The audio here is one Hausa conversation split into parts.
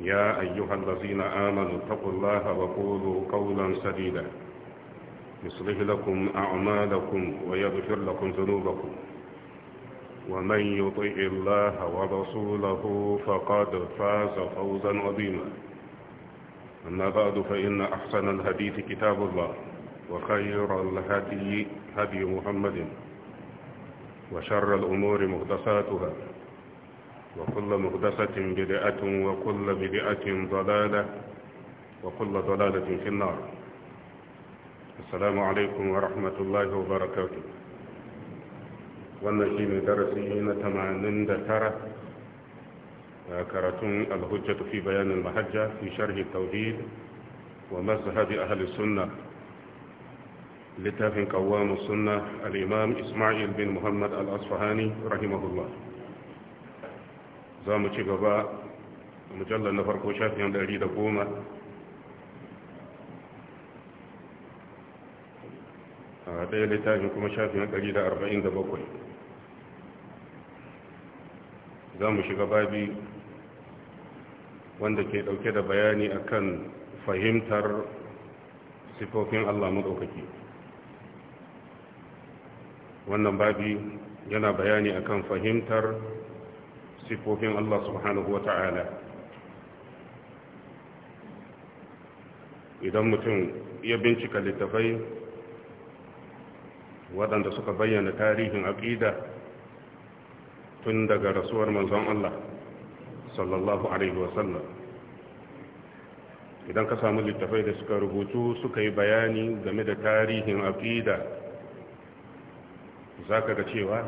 يا أيها الذين آمنوا اتقوا الله وقولوا قولا سديدا يصلح لكم أعمالكم ويغفر لكم ذنوبكم ومن يطع الله ورسوله فقد فاز فوزا عظيما أما بعد فإن أحسن الحديث كتاب الله وخير الهدي هدي محمد وشر الأمور مهدساتها وكل مهدسة بدعة وكل بدعة ضلالة وكل ضلالة في النار السلام عليكم ورحمة الله وبركاته ونحن درسينا تمانين دترة آه، كرتون الهجة في بيان المحجة في شرح التوحيد ومذهب أهل السنة لتافن قوام السنة الإمام إسماعيل بن محمد الأصفهاني رحمه الله za mu ci gaba mujallar na farko shafin ɗari da goma a ɗaya littafin kuma shafin ɗari da arba'in da bakwai za mu shiga babi wanda ke ɗauke da bayani akan fahimtar sifofin Allah maɗaukaki wannan babi yana bayani akan fahimtar sifofin Allah subhanahu wata'ala idan mutum ya bincika littafai waɗanda suka bayyana tarihin aƙida tun daga rasuwar manzon Allah sallallahu alaihi wasallam idan ka samu littafai da suka rubutu suka yi bayani game da tarihin aƙida za ka ga cewa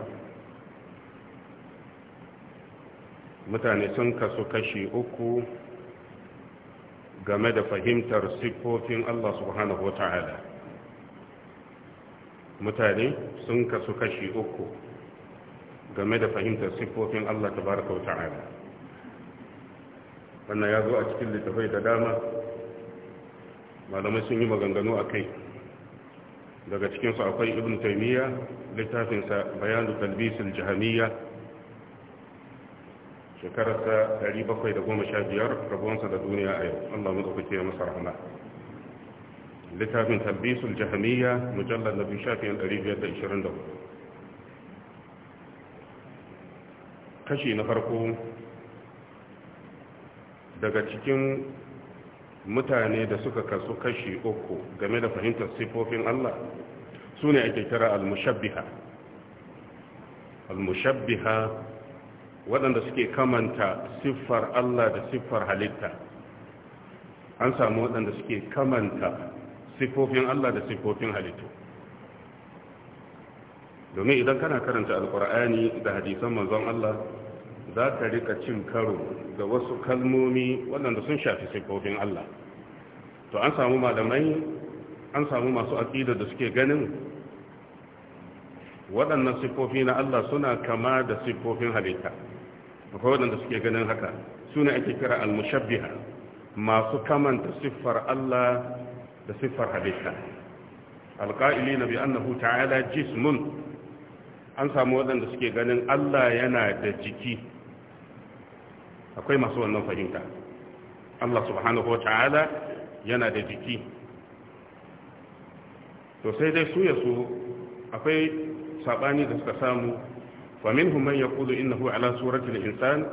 mutane sun kasu kashi uku game da fahimtar siffofin Allah subhanahu wa ta'ala mutane sun kasu kashi uku game da fahimtar siffofin Allah tabaraka wa ta'ala wannan ya zo a cikin littafai da dama malamai sun yi maganganu a kai daga cikinsu akwai ibn taimiyya littafinsa bayanu talbisul jahamiyya shekararsa 715 rabuwansa da duniya a yau Allah madaukake ya masa rahama littafin talbisul jahamiyya mujallal na bishafin 524 kashi na farko daga cikin mutane da suka kasu kashi uku game da fahimtar sifofin Allah su ne ake kira al-mushabbiha al-mushabbiha waɗanda suke kamanta siffar Allah da siffar halitta an samu waɗanda suke kamanta siffofin Allah da siffofin halitta. domin idan kana karanta alkur'ani da hadisan manzon Allah za ka rika cin karo ga wasu kalmomi waɗanda sun shafi siffofin Allah to an samu malamai an samu masu aƙida da suke ganin waɗannan siffofi na Allah suna kama da siffofin halitta akwai waɗanda suke ganin haka suna ake kira al masu kamanta siffar Allah da siffar halitta alƙa'ili na bi annahu ta'ala jismun an samu waɗanda suke ganin Allah yana da jiki akwai masu wannan fahimta Allah subhanahu ta'ala yana da jiki to sai dai su su akwai Saɓani da suka samu famin man ya kudu inna hu ala suratul insan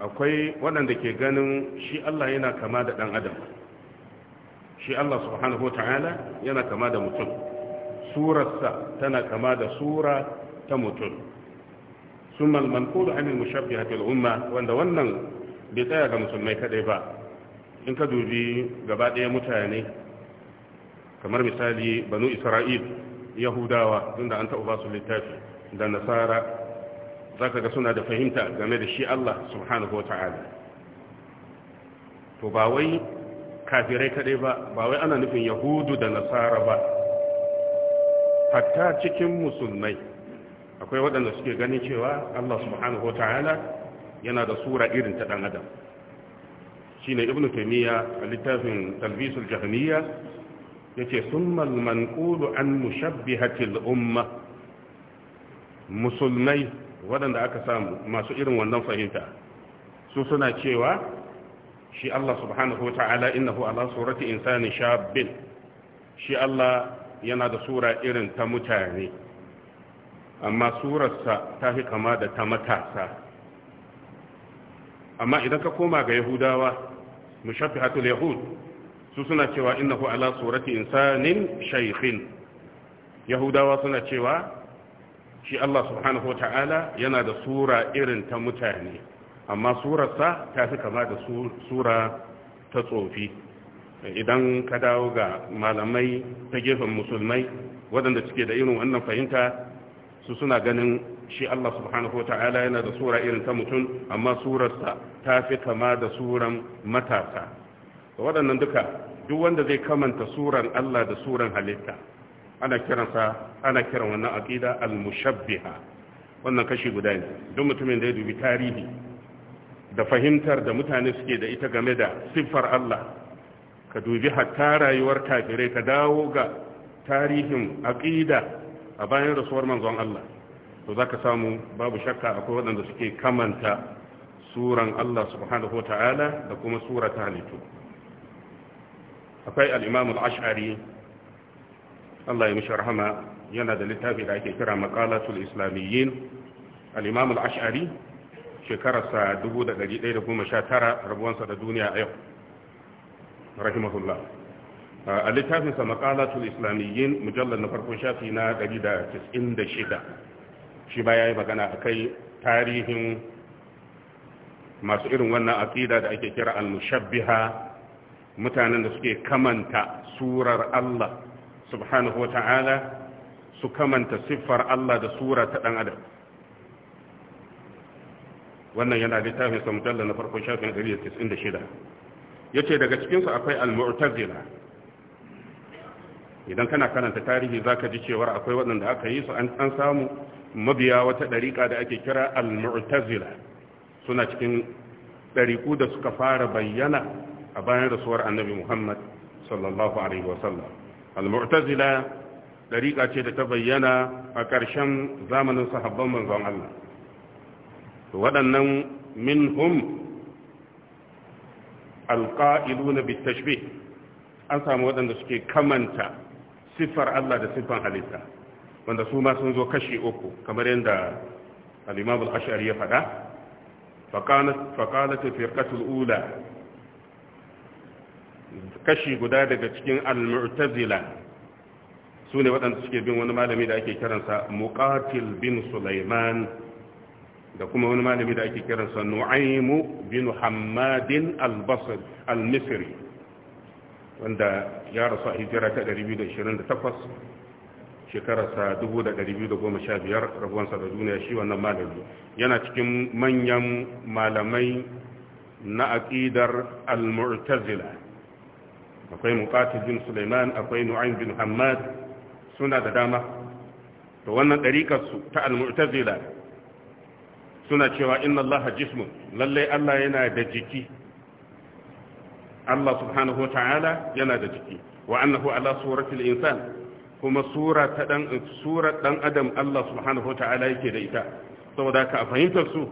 akwai waɗanda ke ganin shi Allah yana kama da ɗan adam shi Allah subhanahu wa ta'ala yana kama da mutum surarsa tana kama da sura ta mutum sumal man kudu anil mushabbihati al-umma wanda wannan bai tsaya ga musulmai kadai ba in ka dubi gaba ɗaya mutane kamar misali banu isra'il yahudawa tunda an taɓa basu littafi da nasara za ka ga suna da fahimta game da shi Allah subhanahu wa ta'ala to ba wai kafirai kaɗai ba ba wai ana nufin yahudu da nasara ba hatta cikin musulmai akwai waɗanda suke ganin cewa Allah subhanahu wa ta'ala yana da sura irin ta ɗan adam shine ibnu taimiyya a littafin talbisul jahmiyya yace summal manqulu an mushabbihatil umma musulmai waɗanda aka samu masu irin wannan fahimta su suna cewa shi Allah subhanahu wata'ala innahu ala surati insani shabbin shi Allah yana da sura irin ta mutane amma surarsa ta fi kama da ta matasa amma idan ka koma ga yahudawa mushabbihatul yahud su suna cewa innahu ala surati insanin shaykhin yahudawa suna cewa shi Allah subhanahu wa ta'ala yana da sura irin ta mutane amma surarsa ta fi kama da sura ta tsofi idan ka dawo ga malamai ta gefen musulmai waɗanda suke da irin wannan fahimta su suna ganin shi Allah subhanahu wa ta'ala yana da sura irin ta mutum amma surarsa ta fi kama da suran matasa waɗannan duka duk wanda zai kamanta suran Allah da suran halitta ana kiransa ana kiran wannan aqida al-mushabbiha wannan kashi guda ne duk mutumin da ya dubi tarihi da fahimtar da mutane suke da ita game da siffar Allah ka dubi hatta rayuwar kafirai ka dawo ga tarihin aqida a bayan rasuwar manzon Allah to zaka samu babu shakka akwai waɗanda suke kamanta suran Allah subhanahu ta'ala da kuma surata halittu akwai al'imam ash'ari Allah ya mishi rahama yana da littafi da ake kira makalatul islamiyyin al'imam ash'ari, shekararsa 1119 rabuwansa da duniya a yau rahimahullah a littafinsa makalatul islamiyyin mujallar na farko shafi na 196 shi ba ya yi magana a kai tarihin masu irin wannan aƙida da ake kira al-mushabbiha mutanen da suke kamanta surar Allah subhanahu wa ta'ala su kamanta siffar Allah da sura ta ɗan adam wannan yana littafin samudalla na farko shafin 196 ya ce daga cikinsu akwai al-mu'tazila idan kana karanta tarihi za ka ji cewar akwai waɗanda aka yi su an samu mabiya wata ɗariƙa da ake kira al-mu'tazila suna cikin ɗariƙu da suka fara bayyana a bayan rasuwar annabi muhammad sallallahu alaihi wasallam al-mu'tazila dariƙa ce da ta bayyana a ƙarshen zamanin sahabban manzon Allah waɗannan minhum na bitashbih an samu waɗanda suke kamanta siffar Allah da siffan halitta wanda su ma sun zo kashi uku kamar yadda al-imam ashari ya faɗa faqalat faqalat firqatul ula kashi guda daga cikin al-mu'tazila su ne waɗanda suke bin wani malami da ake kiransa muqatil bin sulaiman da kuma wani malami da ake kiransa nu'aimu bin hammadin al misri wanda ya rasu a hijira ta 228 shekararsa 2215 rabuwansa da duniya shi wannan malami yana cikin manyan malamai na aƙidar al-mu'tazila akwai muqatil Suleiman sulaiman akwai nu'aym bin hammad suna da dama to wannan dariƙar su ta al-mu'tazila suna cewa inna allaha jismun lallai allah yana da jiki allah subhanahu ta'ala yana da jiki wa annahu ala suratil insan kuma sura ta dan dan adam allah subhanahu ta'ala yake da ita saboda ka fahimtar su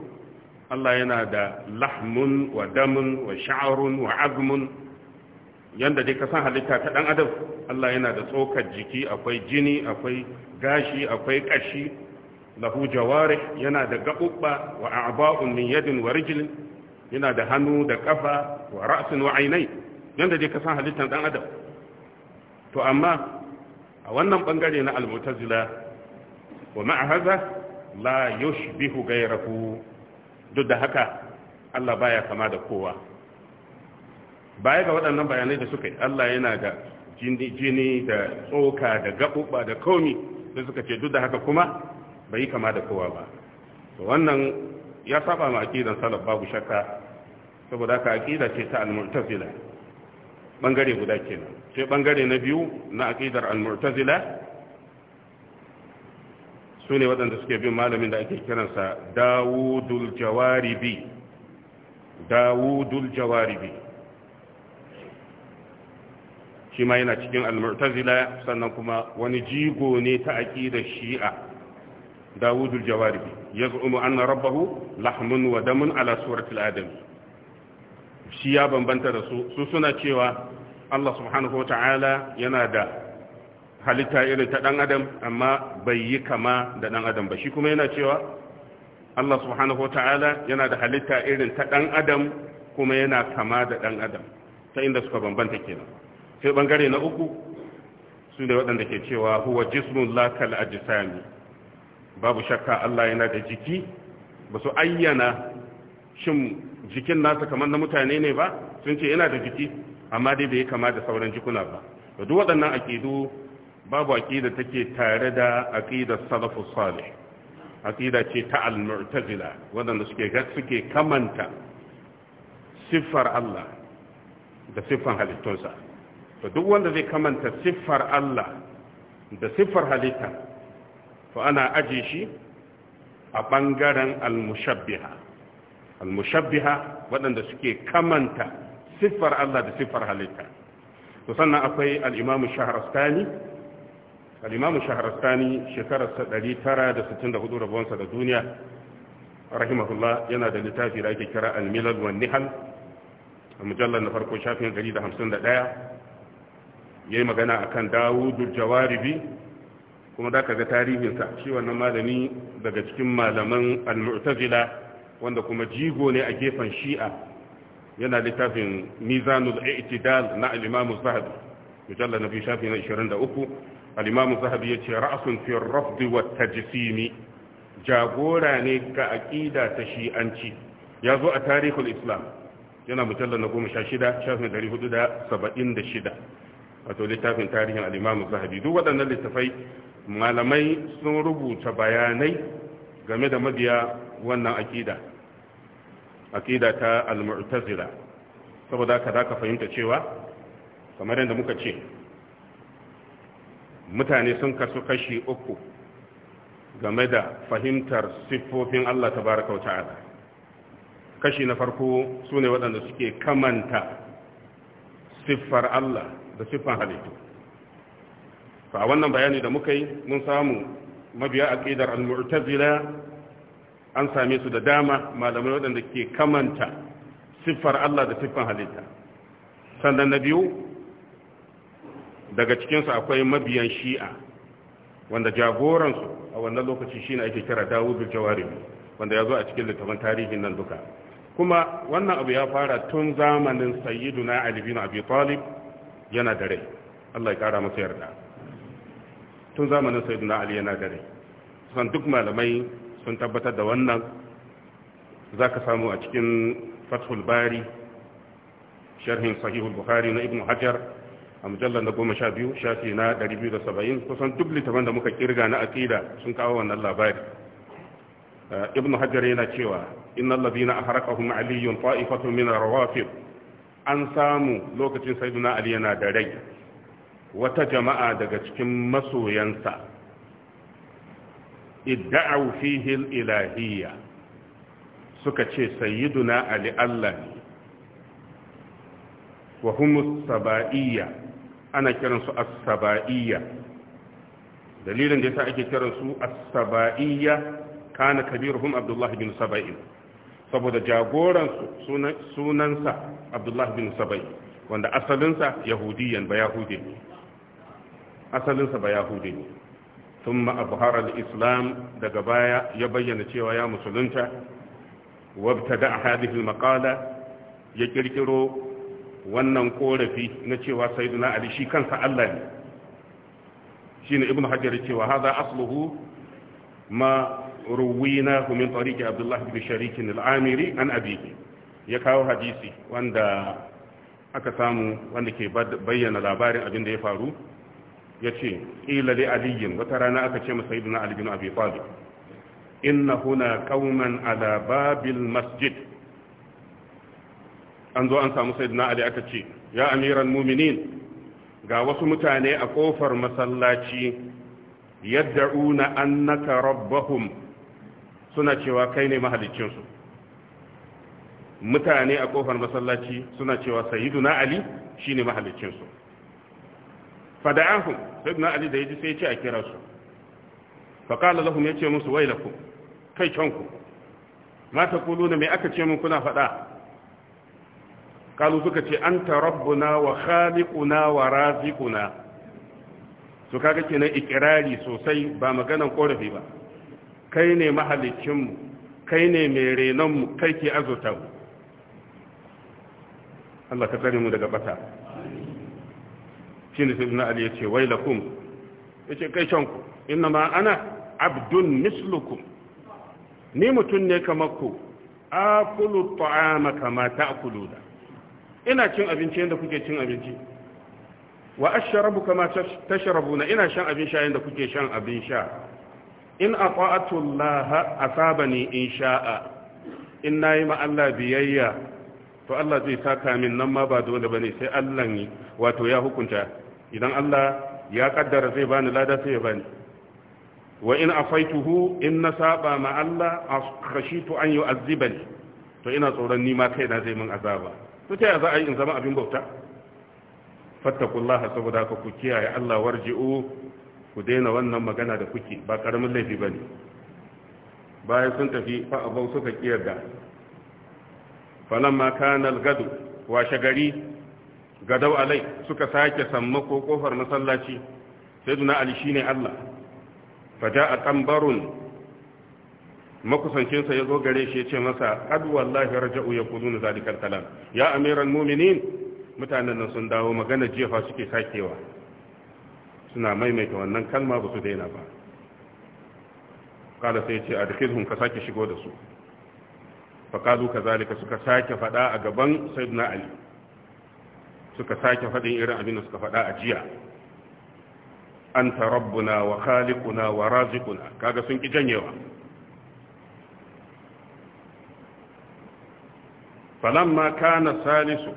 Allah yana da lahmun wa damun wa sha'arun wa azmun yanda dai ka san halitta ta dan adam Allah yana da tsokar jiki akwai jini akwai gashi akwai kashi lahu jawarih yana da gabubba wa a'ba'un min yadin wa rijlin yana da hannu da kafa wa ra'sin wa ainai yanda dai ka san halittar dan adam to amma a wannan bangare na al-mu'tazila wa ma'a hadha la yushbihu ghayrahu duk da haka Allah baya kama da kowa baya ga waɗannan bayanai da suka yi Allah yana da jini da tsoka da gaɓuɓa da komi da suka ce duk da haka kuma bai kama da kowa ba wannan ya saba ma aqidan salaf babu shakka saboda haka aqida ce ta al-mu'tazila bangare guda kenan sai bangare na biyu na aqidar al-mu'tazila sune waɗanda suke bin malamin da ake kiransa Dawudul Jawaribi Dawudul Jawaribi shi ma yana cikin al-mu'tazila sannan kuma wani jigo ne ta da shi'a Dawudu al-Jawaribi yaz'umu anna rabbahu lahmun wa damun ala surati adami shi ya bambanta da su su suna cewa Allah subhanahu wa ta'ala yana da halitta irin ta ɗan adam amma bai yi kama da ɗan adam ba shi kuma yana cewa Allah subhanahu wa ta'ala yana da halitta irin ta ɗan adam kuma yana kama da ɗan adam ta inda suka bambanta kenan sai bangare na uku su ne waɗanda ke cewa huwa jismun lakal ajisami babu shakka Allah yana da jiki ba su ayyana shin jikin nasa kamar na mutane ne ba sun ce yana da jiki amma dai bai kama da sauran jikuna ba da duk waɗannan aƙidu babu aƙida take tare da aƙidar salafu salih aƙida ce ta al-mu'tazila waɗanda suke suke kamanta siffar Allah da siffan halittunsa to duk wanda zai kamanta siffar Allah da siffar halitta to ana aje shi a ɓangaren al-mushabbiha al-mushabbiha waɗanda suke kamanta siffar Allah da siffar halitta to sannan akwai al-imamu shaharastani al-imamu shaharastani shekararsa 964 rabuwansa da duniya rahimahullah yana da littafi da ake kira al-milal wa nihal a mujallar na farko shafin 151 yi magana a kan Dawudu Jawaribi kuma da kaga tarihinsa shi wannan malami daga cikin malaman al-mu'tazila wanda kuma jigo ne a gefen shi'a yana littafin mizanul i'tidal na al-imam zahabi mujalla na biyu shafi na 23 al-imam zahabi ya ce ra'asun fi rafd wa Tajsimi, jagora ne ga aqida ta shi'anci ya zo a tarihul islam yana mujalla na 16 shafi 476 wato littafin tarihin al-Imam Zahabi duk waɗannan littafai malamai sun rubuta bayanai game da mabiya wannan akida akida ta al saboda haka zaka fahimta cewa kamar yadda muka ce mutane sun kasu kashi uku game da fahimtar siffofin Allah tabaraka wa ala kashi na farko sune waɗanda suke kamanta siffar Allah da siffan halittu to a wannan bayani da muka yi mun samu mabiya aqidar al-mu'tazila an same su da dama malamai waɗanda ke kamanta siffar Allah da siffan halitta sannan na biyu daga cikinsu akwai mabiyan shi'a wanda jagoransu a wannan lokaci shi ne ake kira dawudu jawarimi wanda ya zo a cikin littafin tarihin nan duka kuma wannan abu ya fara tun zamanin sayyiduna ali bin abi talib yana dare Allah ya kara masa yarda tun zamanin sayyidina ali yana dare san duk malamai sun tabbatar da wannan zaka samu a cikin fathul bari sharhin sahihul bukhari na ibnu hajar a mujallar na goma sha biyu shafi na ɗari biyu da saba'in kusan duk littafin da muka kirga na aƙida sun kawo wannan labari ibnu hajar yana cewa inna allazina aharakahum aliyyun ta'ifatun min rawafid an samu lokacin sayyiduna ali yana da rai wata jama'a daga cikin masoyansa idda'u fihi ilahiyya suka ce sayyiduna ali Allah ne wa humus saba'iyya ana kiransu as-saba'iyya dalilin da yasa ake kiransu as-saba'iyya kana kabiruhum abdullahi bin saba'in saboda jagoransu sunansa abdullahi bin sabai wanda asalinsa yahudiyan ba yahude ne asalinsa ba yahude ne sun ma'abuharar islam daga baya ya bayyana cewa ya musulunta wabta da hadihil makala ya kirkiro wannan korafi na cewa sayyiduna ali shi kansa allah ne shine ibnu hajar cewa haza asluhu ma ruwinahu min tariqi abdullah bin sharik al an abihi ya kawo hadisi wanda aka samu wanda ke bayyana labarin abin da ya faru ya ce ƙila li wata rana aka ce masa iduna albin abi talib inna huna qauman ala masjid an zo an samu ali aka ce ya amiran mu'minin ga wasu mutane a kofar masallaci una annaka rabbahum suna cewa kai ne mahalicinsu mutane a kofar masallaci suna cewa sayyiduna ali shine mahalicinsu fada'ahum sayyiduna ali da yaji sai ya ce a kira su fa qala lahum yace musu wailakum kai canku ma ne me aka ce mun kuna fada kalu suka ce anta rabbuna wa khaliquna wa raziquna to kaga kenan ikirari sosai ba maganan korafi ba kai ne mahalicinmu kai ne mai renonmu kai ke azuta mu Allah ka tsari mu daga bata shi ne sai ce wai lakum ya ce kai shanku ina ma ana abdun mislukum ni mutum ne kamar ku kulu ta'ama kama da ina cin abinci yadda kuke cin abinci wa asharabu kama na ina shan abin sha yadda kuke shan abin sha in saba asabani in sha'a in nayi ma Allah biyayya to Allah zai saka min nan ma ba dole ne sai Allah ne wato ya hukunta idan Allah ya kaddara zai bani lada sai ya bani wa in tuhu in na saba ma Allah khashitu an ne to ina tsoron ni ma na zai min azaba to ta za a yi in zama abin bauta fattakullaha saboda ka ku kiyaye Allah warji'u ku daina wannan magana da kuke ba karamin laifi ba ne bayan sun tafi fa'abau suka ƙiyarda falamma kanal gado washe gari gadau alai suka sake sammako kofar masallaci sai duna ali shine ne allah faja a tambarun makusancinsa ya zo gare shi ya ce masa adu wallahi raja'u ya kudu na zalikar kalam ya amiran muminin mutanen nan sun dawo magana jefa suke sakewa suna maimaita wannan kalma ba su daina ba kada sai ce a dukkan ka sake shigo da su fa ka kazalika suka sake faɗa a gaban sayyidina ali suka sake faɗin irin abin da suka faɗa a jiya Anta rabbuna wa khaliquna wa raziquna kaga sun ki janyewa falamma kana salisu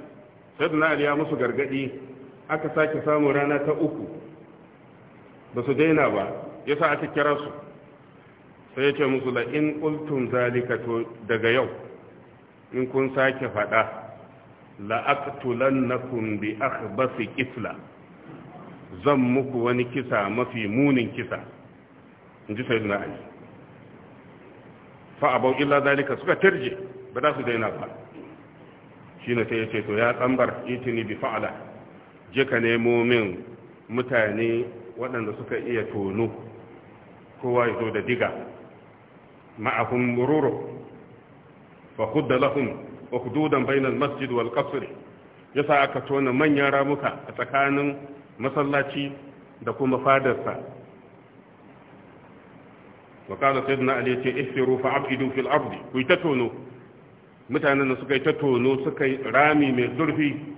sayyidina ali ya musu gargadi aka sake samu rana ta uku ba su daina ba ya sa aka kira su sai ya ce musu in ƙultun zalika to daga yau in kun sake fada la na bi akhbasi kifla zan muku wani kisa mafi munin kisa in ji sayi fa fa'abau illa zalika suka tarje ba za su daina ba shi ne sai ya ce to ya tsambar itini bi fa'ala je ka nemo min mutane waɗanda suka iya tono kowa ya zo da diga ma'ahum mururu fa khudda lahum ukhdudan bayna masjid wal qasr yasa aka tona manyan ramuka a tsakanin masallaci da kuma fadarsa wa qala sayyidina ali yace ihfiru fa abidu fil ardi ku ta tono mutanen da suka yi ta tono suka yi rami mai zurfi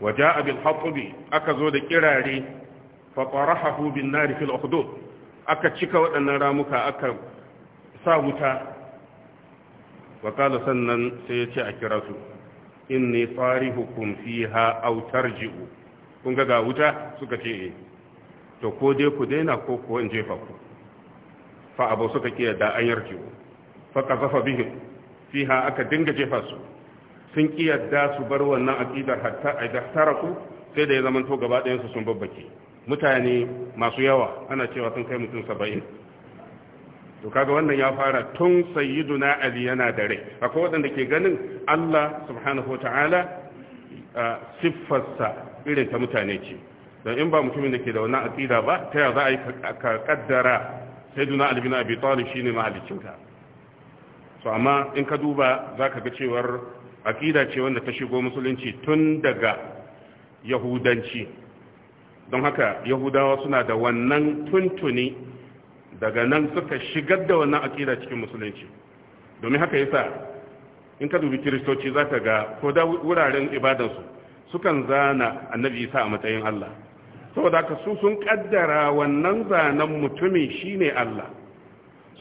wa jaa bil aka zo da kirare fa qarahahu bin nar fil aka cika waɗannan ramuka aka sa wuta wa qala sannan sai ya ce a kira su inni tarihukum fiha aw tarji'u kun ga ga wuta suka ce eh to ko dai ku daina ko ko in jefa ku fa abu suka kiyar da an yarji'u fa qazafa bihim fiha aka dinga jefa su sun kiyarda su bar wannan aqidar hatta aidahtaraku sai da ya zama to gaba ɗayan su sun babbake mutane masu yawa ana cewa sun kai mutum 70 to kaga wannan ya fara tun sayyiduna ali yana da rai akwai waɗanda ke ganin Allah subhanahu wataala siffarsa irin ta mutane ce don in ba mutumin da ke da wannan aqida ba ta ya za a yi ka kaddara sayyiduna ali bin abi talib shine mahalicin ka so amma in ka duba zaka ga cewar Aƙida ce wanda ta shigo musulunci tun daga yahudanci don haka yahudawa suna da wannan tuntuni daga nan suka shigar da wannan aƙida cikin musulunci domin haka yasa in ka dubi kiristoci za ka ga ko da wuraren ibadansu sukan zana annabi isa a matsayin Allah saboda haka su sun kaddara wannan zanen mutumin shine Allah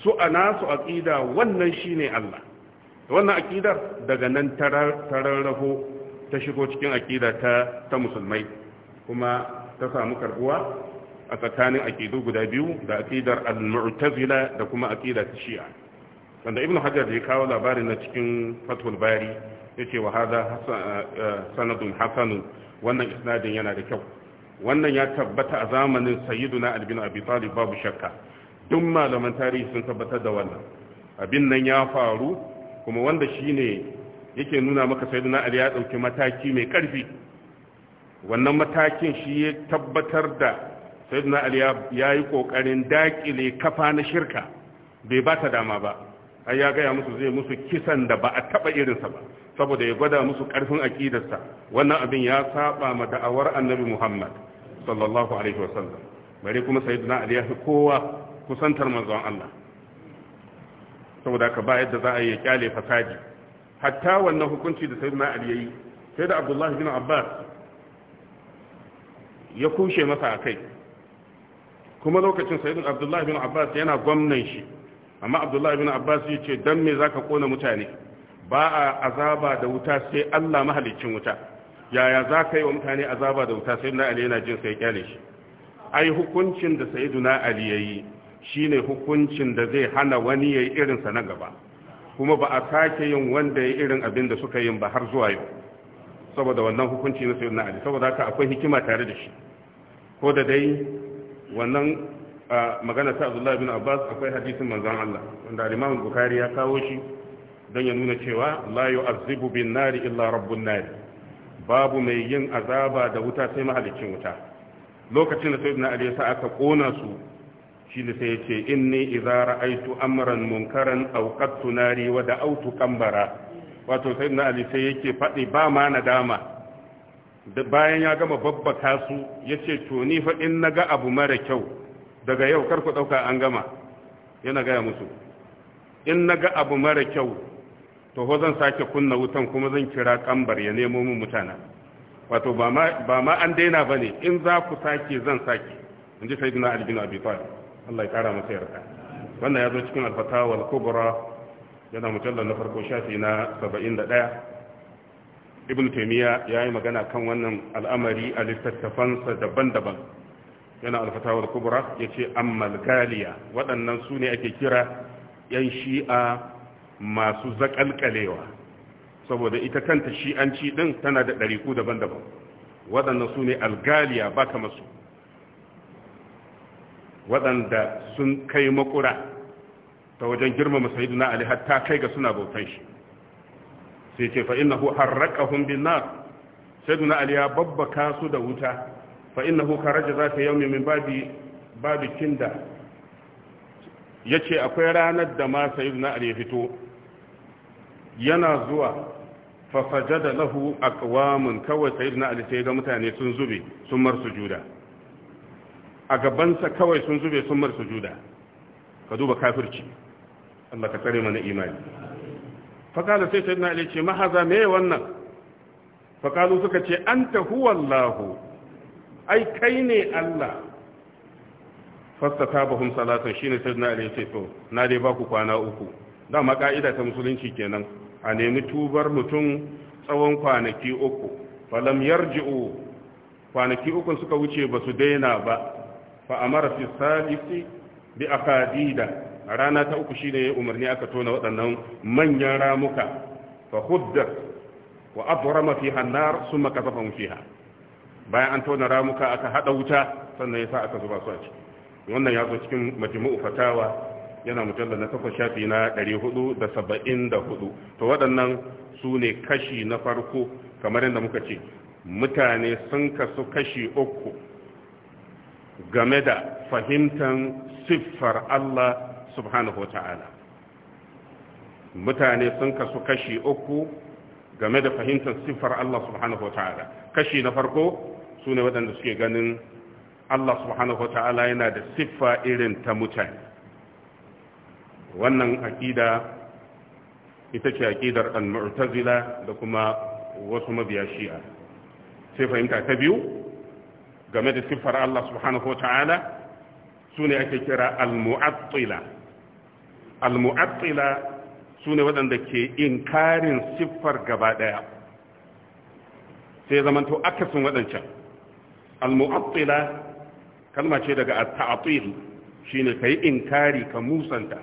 su a nasu aƙida wannan shine Allah wannan akidar daga nan tararraho ta shigo cikin akida ta ta musulmai kuma ta samu karbuwa a tsakanin akidu guda biyu da akidar al-mu'tazila da kuma akidar shi'a wanda ibnu hajar ya kawo labarin na cikin fathul bari yace wa hadha eh, sanadun hasanun wannan isnadin yana da kyau wannan ya tabbata a zamanin sayyiduna na abi talib babu shakka duk malaman tarihi sun tabbatar da wannan abin nan ya faru kuma wanda shine yake nuna maka sayyidina ali ya ɗauki mataki mai karfi wannan matakin shi ya tabbatar da sayyidina ali ya yi ƙoƙarin dakile kafa na shirka bai ba ta dama ba ai ya gaya musu zai musu kisan da ba a taba irinsa ba saboda ya gwada musu karfin aƙidarsa wannan abin ya saba ma da'awar annabi muhammad sallallahu alaihi wasallam bare kuma sayyidina ali ya fi kowa kusantar manzon Allah saboda ka ba yadda za a yi kyale fasadi hatta wannan hukunci da sayyidina ali yayi sai da abdullahi bin abbas ya kushe masa akai kuma lokacin sayyidina abdullahi bin abbas yana gwamnan shi amma abdullahi bin abbas ya ce dan me zaka kona mutane ba a azaba da wuta sai Allah mahalicin wuta yaya za ka yi wa mutane azaba da wuta sayyidina na ali yana jin sai kyale shi ai hukuncin da sayyidina ali yayi shine hukuncin da zai hana wani ya yi irinsa na gaba kuma ba a sake yin wanda ya irin abin da suka yin ba har zuwa yau saboda wannan hukunci na na ali saboda haka akwai hikima tare da shi ko da dai wannan magana ta abdullahi bin abbas akwai hadisin manzan Allah wanda alimamin bukari ya kawo shi don ya nuna cewa la yu'azzibu bin nari illa rabbun nari babu mai yin azaba da wuta sai mahalicin wuta lokacin da sayyidina ali ya sa aka kona su shi ne sai ya ce inni idza ra'aytu amran munkaran aw qattu nari wa da'awtu kambara wato sai na ali sai yake fadi ba ma nadama da bayan ya gama babbaka su yace to ni fa in naga abu mara kyau daga yau kar ku dauka an gama yana gaya musu in naga abu mara kyau to ho zan sake kunna wutan kuma zan kira kambar ya nemo mun mutana wato ba ma an daina bane in za ku sake zan sake inji sayyidina ali bin abi talib Allah ya kara masa yarda wannan ya zo cikin al-fatawa kubra yana mujallal na farko shafi na 71 ibn taymiya yi magana kan wannan al'amari a littattafansa daban-daban yana alfatawar fatawa kubra yace amma galiya waɗannan su ne ake kira yan shi'a masu zakalkalewa saboda ita kanta shi'anci din tana da ɗariku daban-daban waɗannan su ne algaliya ba kamar su waɗanda sun kai makura ta wajen girmama na ali hatta kai ga suna bautan shi sai ce fa innahu harraqahum bin nar na ali ya babbaka su da wuta fa innahu kharaja zata yawmi min babi babi ya ce akwai ranar da ma na ali ya fito yana zuwa fafajada lahu a aqwamun kawai na ali sai ga mutane sun zube sun mar juda a gabansa kawai sun zube sun marsa juda ka duba kafirci Allah ka tsare mana imani fakala sai sayyidina ali ce mahaza me wannan fakalu suka ce anta huwallahu ai kai ne Allah fastatabahum salatan shine sayyidina ali ce to na dai ba ku kwana uku ma ka'ida ta musulunci kenan a nemi tubar mutum tsawon kwanaki uku falam yarji'u kwanaki uku suka wuce ba su daina ba fa amara fi salisi bi akadida rana ta uku shine ya umarni aka tona waɗannan manyan ramuka fa huddat wa adrama fiha an-nar thumma fiha bayan an tona ramuka aka haɗa wuta sannan ya sa aka zuba su a ciki wannan ya zo cikin majmu'u fatawa yana mujallar na takwas shafi na 474 to waɗannan su ne kashi na farko kamar yadda muka ce mutane sun kasu kashi uku game da fahimtar siffar Allah subhanahu wa ta'ala mutane sun kasu kashi uku game da fahimtar siffar Allah subhanahu wata'ala kashi na farko su ne waɗanda suke ganin Allah subhanahu wata'ala yana da siffa irin ta mutane wannan aƙida ita ce aƙidar al-mu'tazila da kuma wasu mabiya shi'a sai fahimta ta biyu game da siffar Allah subhanahu wa ta'ala su ne ake kira al-mu'attila al-mu'attila su ne waɗanda ke inkarin siffar gaba ɗaya sai zamanto akasin waɗancan al-mu'attila kalma ce daga at-ta'til shine kai inkari ka musanta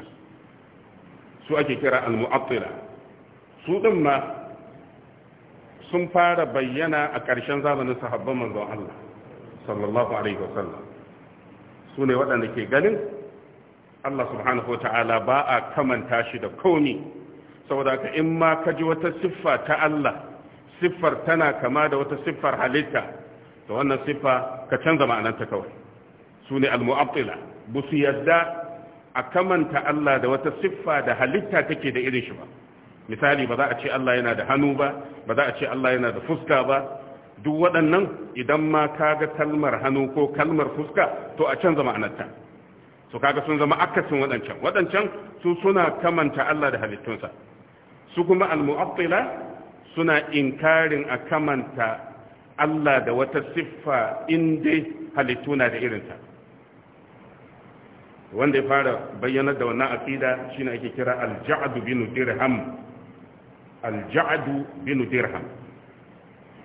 su ake kira al-mu'attila su din ma sun fara bayyana a ƙarshen zamanin sahabban manzon Allah sallallahu alaihi wasallam su ne waɗanda ke ganin Allah subhanahu wata'ala ba a kamanta shi da komi saboda ka in ma ka ji wata siffa ta Allah siffar tana kama da wata siffar halitta to wannan siffa ka canza ma'ananta kawai su ne al-mu'attila ba su yadda a kamanta Allah da wata siffa da halitta take da irin shi ba misali ba za a ce Allah yana da hannu ba ba za a ce Allah yana da fuska ba duk waɗannan idan ma kaga kalmar hannu ko kalmar fuska to a canza ma'anarta su kaga sun zama akasin waɗancan waɗancan su suna kamanta Allah da halittunsa su kuma al-mu'attila suna inkarin a kamanta Allah da wata siffa inda halittu na da irinta wanda ya fara bayyana da wannan aqida shine ake kira al-ja'd bin dirham al-ja'd bin dirham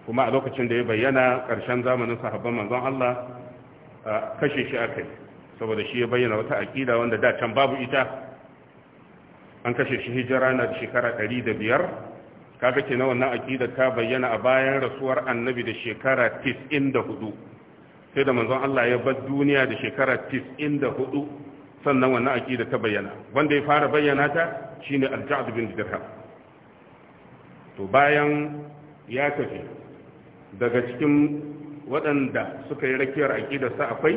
kuma a lokacin da ya bayyana ƙarshen zamanin sahabban manzon Allah kashe shi aka yi saboda shi ya bayyana wata aƙida wanda da can babu ita an kashe shi hijira na shekara 105 kaga ke na wannan aƙida ta bayyana a bayan rasuwar annabi da shekara 94 sai da manzon Allah ya bar duniya da shekara 94 sannan wannan aƙida ta bayyana wanda ya fara bayyana ta shine Al-Ja'd bin Dirham to bayan ya tafi daga cikin waɗanda suka yi rakiyar aƙidarsa akwai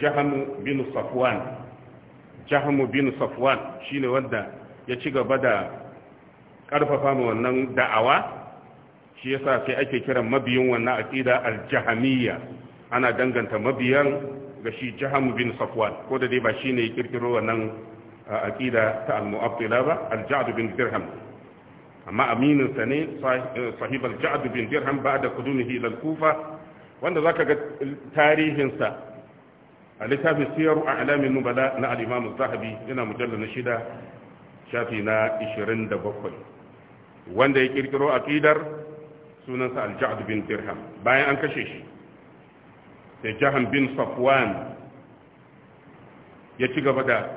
jahamu bin safwan jahamu bin safwan shine wanda ya ci gaba da ƙarfafa ma wannan da'awa shi yasa sai ake kiran mabiyin wannan aƙida al-jahamiyya ana danganta mabiyan ga shi jahamu bin safwan ko da dai ba shine ya kirkiro wannan aƙida ta al-mu'attila ba al-ja'd bin dirham amma ne sahibal ja'd bin dirham ba da ila al-kufa wanda zaka ga tarihinsa, sa a littafin siyaru a an-nubala na al zahabi yana mujallal na shida shafi na 27 wanda ya kirkiro aqidar sunansa al bin dirham bayan an kashe shi sai jahan bin safwan ya ci gaba da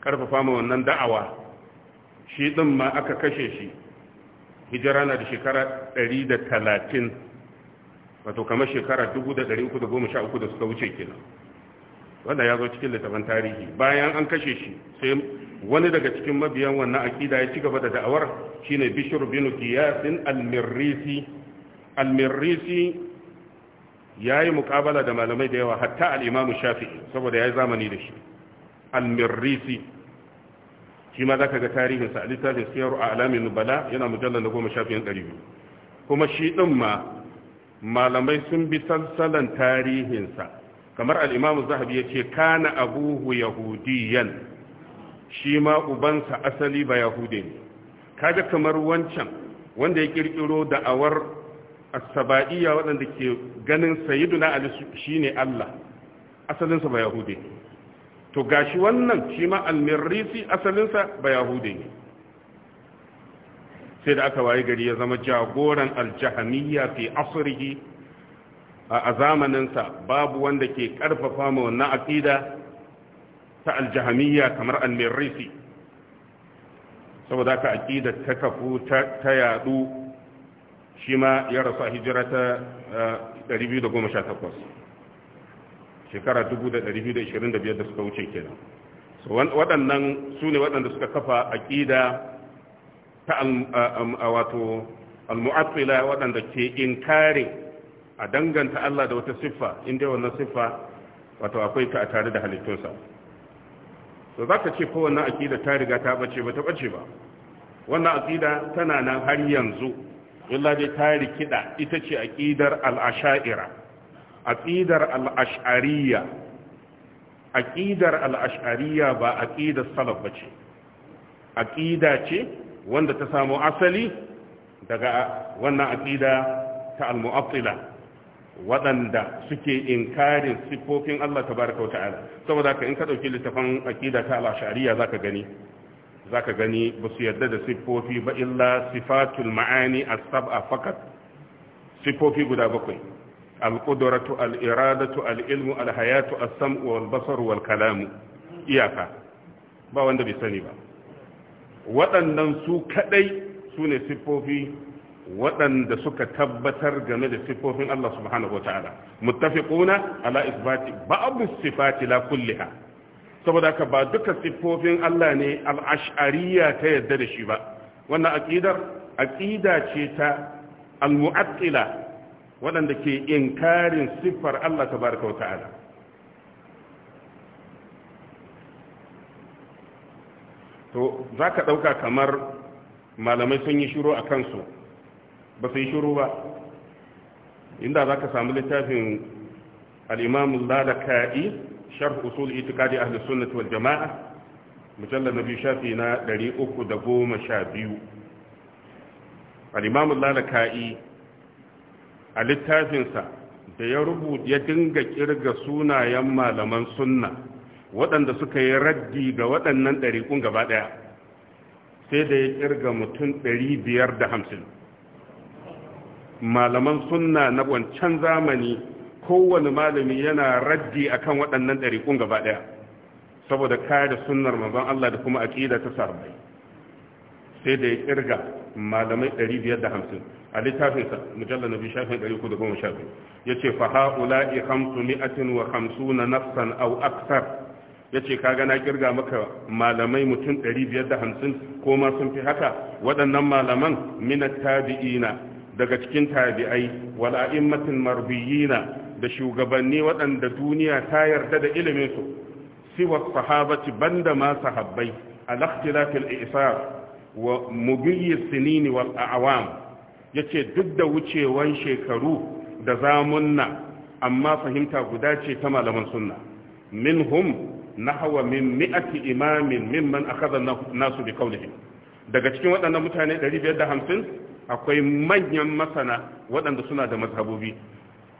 karfafa ma wannan da'awa shi ɗin ma aka kashe shi hijira na da shekara 130 wato kamar shekara 1313 da suka wuce kenan wanda ya zo cikin littafin tarihi bayan an kashe shi sai wani daga cikin mabiyan wannan akida ya ci gaba da da'awar shine bishir bin qiyasin al almirisi al-mirrisi yayi muqabala da malamai da yawa hatta al-imam shafi'i saboda yi zamani da shi al shi ma za ka ga tarihin sa littafin siyar a alamin nubala yana mujallar goma ɗari biyu. kuma shi ɗin ma malamai sun bi salsalan tarihinsa. sa kamar al'imamu zahabi Zahabi yace kana abuhu yahudiyan shi ma ubansa asali ba yahude ne kaga kamar wancan wanda ya kirkiro da awar asaba'iya waɗanda ke ganin sayiduna Ali shi ne Allah asalinsa ba yahude ne to gashi wannan shi ma almirrisi asalinsa ba yahudi ne sai da aka waye gari ya zama jagoran aljahamiyya fi asrihi a zamaninsa babu wanda ke karfafa ma wannan aqida ta aljahamiyya kamar almirrisi saboda ka aqida ta kafu ta yadu shi ma ya rasu a hijira ta 218 eh, shekara 225 da suka wuce kenan so waɗannan su ne waɗanda suka kafa aƙida ta wato al-mu'attila waɗanda ke inkarin a danganta Allah da wata siffa inda wannan siffa wato akwai ta a tare da halittunsa so za ka ce ko kowannan aƙida ta riga ta bace ba ta bace ba wannan aƙida tana nan har yanzu illa dai ta rikida ita ce aƙidar al-asha'ira aqidar al'ash'ariya ashariyya aqidar al ba aqidar salaf bace aqida ce wanda ta samu asali daga wannan aqida ta al-mu'attila waɗanda suke inkarin siffofin Allah tabaraka wata'ala saboda ka in ka dauki littafin aqida ta al'ash'ariya ashariyya zaka gani zaka gani ba su yarda da siffofi ba illa sifatul ma'ani as-sab'a fakat siffofi guda bakwai alƙudaratu al'iradatu al'ilmu alhayatu assam wal basar wal kalamu iyaka ba wanda bai sani ba waɗannan su kaɗai su ne siffofi waɗanda suka tabbatar game da siffofin Allah subhanahu wa ta'ala muttafiquna ala isbati ba'd sifati la kulliha saboda haka ba duka siffofin Allah ne al'ash'ariya ta yadda da shi ba wannan aqidar aqida ce ta al waɗanda ke inkarin siffar Allah tabaraka wa ta'ala to za ka ɗauka kamar malamai sun yi shuru a kansu ba su yi shuru ba inda za ka samu littafin al'imamun lalaka'i sharh usul itikadi ahli sunnati wal jama'a mujallar na biyu shafi na 312 al'imamun lalaka'i a littafinsa da ya rubuta ya dinga kirga sunayen malaman sunna waɗanda suka yi raddi ga waɗannan ɗariƙun gaba ɗaya sai da ya kirga mutum ɗari biyar da hamsin malaman sunna na wancan zamani kowane malami yana raddi a kan waɗannan ɗariƙun gaba ɗaya saboda kare sunnar manzon Allah da kuma aƙida ta sarbai sai da ya kirga malamai 550 a littafinsa, mujalla na biyu shafin ɗari da goma shafin ya ce fa ha'ula'i hamsu mi'atin wa hamsu na nafsan au aksar ya ce kaga na kirga maka malamai mutum ɗari biyar da hamsin ko ma sun fi haka waɗannan malaman minat tabi'ina daga cikin tabi'ai wala'immatin marbiyina da shugabanni waɗanda duniya ta yarda da iliminsu siwa sahabati banda ma sahabbai al-ikhtilafil isar wa mughiyyis sinin wal a'wam ya ce duk da wucewan shekaru da zamunna amma fahimta guda ce ta malaman sunna minhum nahwa min mi'ati imamin mimman akhadha nasu bi qawlihim daga cikin waɗannan mutane 550 akwai manyan masana waɗanda suna da mazhabobi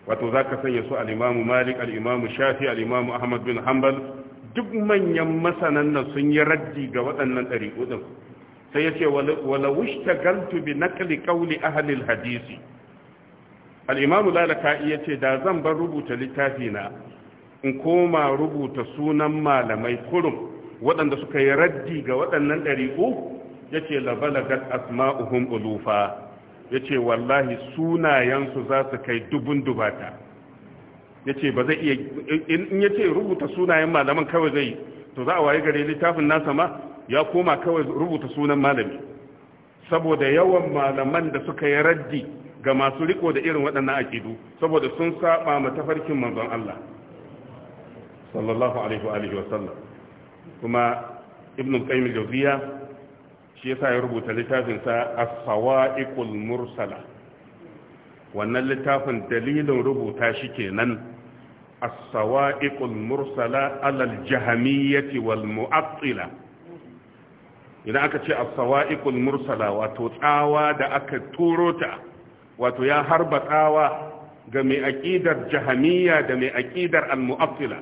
wato zaka sanya su al'imamu imam Malik al'imamu Shafi al'imamu Ahmad bin Hanbal duk manyan masanan nan sun yi raddi ga waɗannan ɗariƙu din sai ya yace wala wishtagaltu bi naqli qawli ahli hadisi. al-imam lalaka'i ce da zan bar rubuta littafi na in koma rubuta sunan malamai kurum waɗanda suka yi raddi ga waɗannan ɗari ɗariƙu yace la balagat asma'uhum ulufa ce wallahi sunayensu za su kai dubun dubata yace ba zai iya in yace rubuta sunayen malaman kawai zai to za a waye gare littafin nasa ma ya koma kawai rubuta sunan malami saboda yawan malaman da suka yi raddi ga masu riko da irin waɗannan akidu saboda sun saba ma tafarkin manzon Allah sallallahu alaihi wa alihi wa sallam kuma ibn qayyim al-jawziya shi yasa ya rubuta littafin sa as-sawa'iqul mursala wannan littafin dalilin rubuta shi kenan as-sawa'iqul mursala alal al wal mu'attila idan aka ce as-sawa'iqul mursala wato tsawa da aka turo ta wato ya harba tsawa ga mai aƙidar jahamiya da mai aƙidar al-mu'attila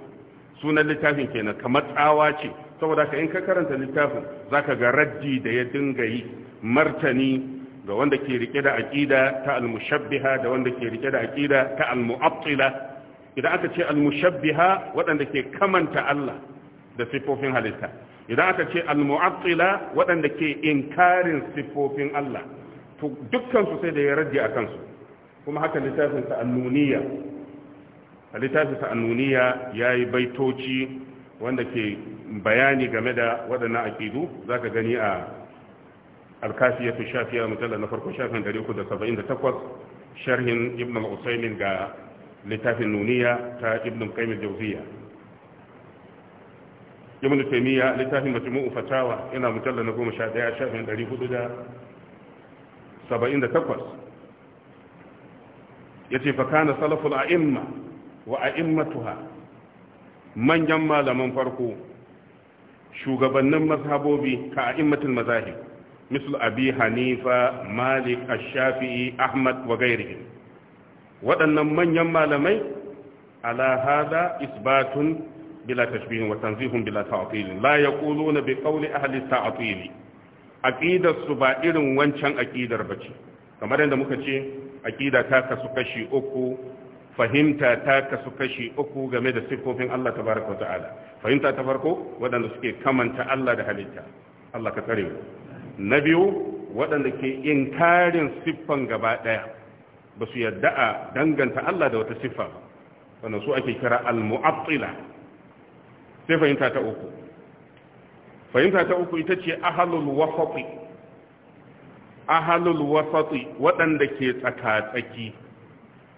sunan littafin kenan kamar tsawa ce saboda ka in ka karanta littafin zaka ga raddi da ya dinga yi martani ga wanda ke rike da aƙida ta al-mushabbiha da wanda ke rike da aƙida ta al-mu'attila idan aka ce al-mushabbiha waɗanda ke kamanta Allah da sifofin halitta idan aka ce al-mu'attila waɗanda ke inkarin siffofin Allah to dukkan su sai da ya rage a kansu kuma haka littafin sa annuniya littafin sa annuniya yayi baitoci wanda ke bayani game da waɗannan aqidu zaka gani a al-kafiyatu shafiya mutala na farko shafin 378 sharhin ibn al-usaymin ga littafin nuniya ta ibn qayyim al ibn taymiya littafin majmu'u fatawa yana mujalla na 11 shafin 478 yace fa kana salaful a'imma wa a'immatuha manyan malaman farko shugabannin mazhabobi ka a'immatul mazahib misal abi hanifa malik ash-shafi'i ahmad wa ghairihi waɗannan manyan malamai ala hada isbatun bila tashbihin wa tanzihun bila ta'til la yaquluna bi qawli ahli ta'til aqidar su ba irin wancan aqidar bace kamar yadda muka ce aqida ta kasu kashi uku fahimta ta kasu kashi uku game da siffofin Allah tabaraka wata'ala fahimta ta farko waɗanda suke kamanta Allah da halitta Allah ka tsare na biyu waɗanda ke inkarin siffan gaba ɗaya ba su a danganta Allah da wata siffa ba wannan ake kira al sai fahimta ta uku fahimta ta uku ita ce ahalul wasati ahalul wasati waɗanda ke tsaka-tsaki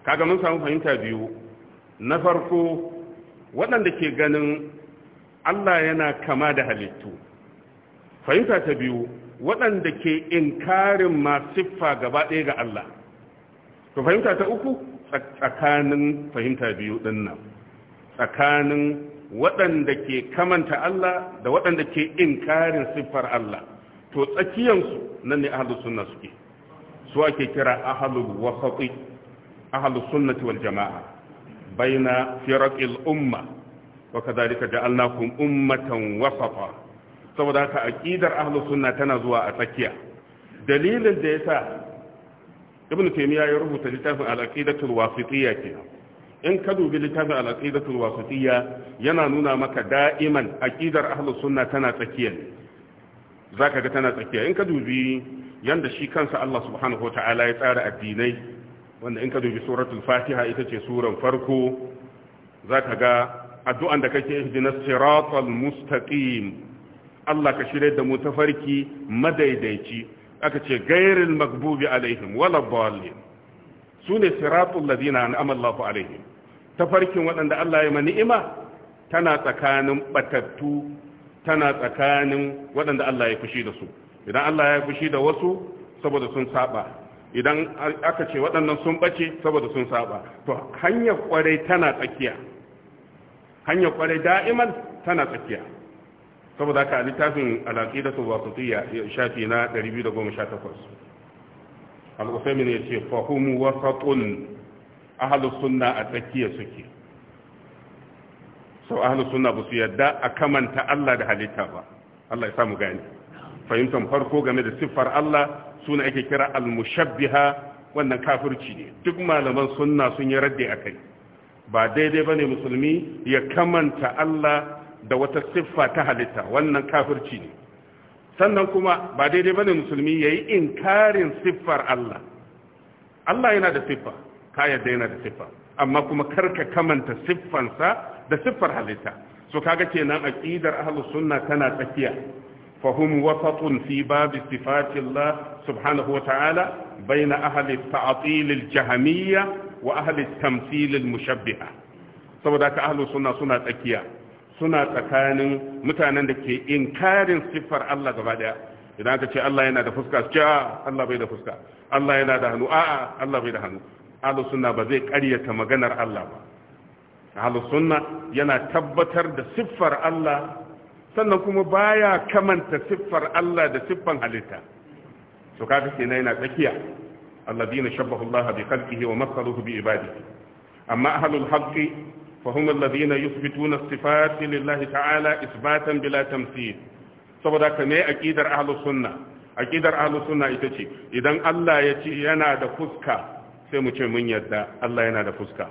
kaga mun samu fahimta biyu na farko waɗanda ke ganin Allah yana kama da halittu fahimta ta biyu waɗanda ke inkarin ma siffa gaba ɗaya ga Allah to fahimta ta uku tsakanin fahimta biyu ɗin tsakanin waɗanda ke kamanta Allah da waɗanda ke inkarin siffar Allah to tsakiyansu nan ne ahlus sunna suke su ake kira ahlul wasati ahlus sunnati wal jama'a baina firaqil umma wa kadhalika ja'alnakum ummatan wasata saboda haka aqidar ahlus sunna tana zuwa a tsakiya dalilin da yasa ibnu taymiya ya rubuta littafin al-aqidatul wasitiyya kenan in ka dubi littafin al-aqidatul wasatiyya yana nuna maka da'iman aqidar ahlus sunna tana tsakiya zaka ga tana tsakiya in ka dubi yanda shi kansa Allah subhanahu wataala ya tsara addinai wanda in ka dubi suratul fatiha ita ce suran farko zaka ga addu'an da kake ihdinas siratal mustaqim Allah ka shirye da mu tafarki madaidaici aka ce gairil magbubi alaihim wala dallin sune siratul ladina an'ama Allahu alaihim tafarkin waɗanda Allah ya ma ni'ima tana tsakanin batattu tana tsakanin waɗanda Allah ya fushi da su idan Allah ya fushi da wasu saboda sun saba idan aka ce waɗannan sun bace saboda sun saba to hanyar kwarai tana tsakiya hanyar kwarai da'iman tana tsakiya saboda aka a littafin da su wasatiyya shafi na 218 al-usaimin ya ce fahimu wasatun ahalus sunna a tsakiya suke sau ahalus sunna ba su yadda a kamanta Allah da halitta ba Allah ya samu gani fahimtar farko game da siffar Allah suna ake kira al-mushabbiha wannan kafirci ne duk malaman sunna sun yi radde a kai ba daidai ba ne musulmi ya kamanta Allah da wata siffa ta halitta wannan kafirci ne sannan kuma ba daidai ba ne musulmi ya yi inkarin siffar Allah Allah yana da siffa ka yadda yana da siffa amma kuma karka kamanta siffansa da siffar halitta so kaga kenan aqidar ahlus sunna tana tsakiya fahum wasatun fi bab sifatillah subhanahu Ta'ala, baina ahli ta'til al-jahmiyya wa ahli tamthil al-mushabbiha saboda ka ahlus sunna suna tsakiya suna tsakanin mutanen da ke inkarin siffar Allah gaba daya idan ka ce Allah yana da fuska ja Allah bai da fuska Allah yana da hannu a'a Allah bai da hannu ahlus sunna ba zai ƙaryata maganar Allah ba ahlus sunna yana tabbatar da siffar Allah sannan kuma baya kamanta siffar Allah da siffan halitta to kaga kenan yana tsakiya alladhina shabbahu Allah bi khalqihi wa masaluhu bi ibadihi amma ahlul haqqi فهم الذين يثبتون الصفات لله تعالى إثباتا بلا تمثيل saboda ka ne aqidar ahlus sunna aqidar ahlus sunna ita ce idan Allah ya ce yana da fuska sai mu ce mun yadda Allah yana da fuska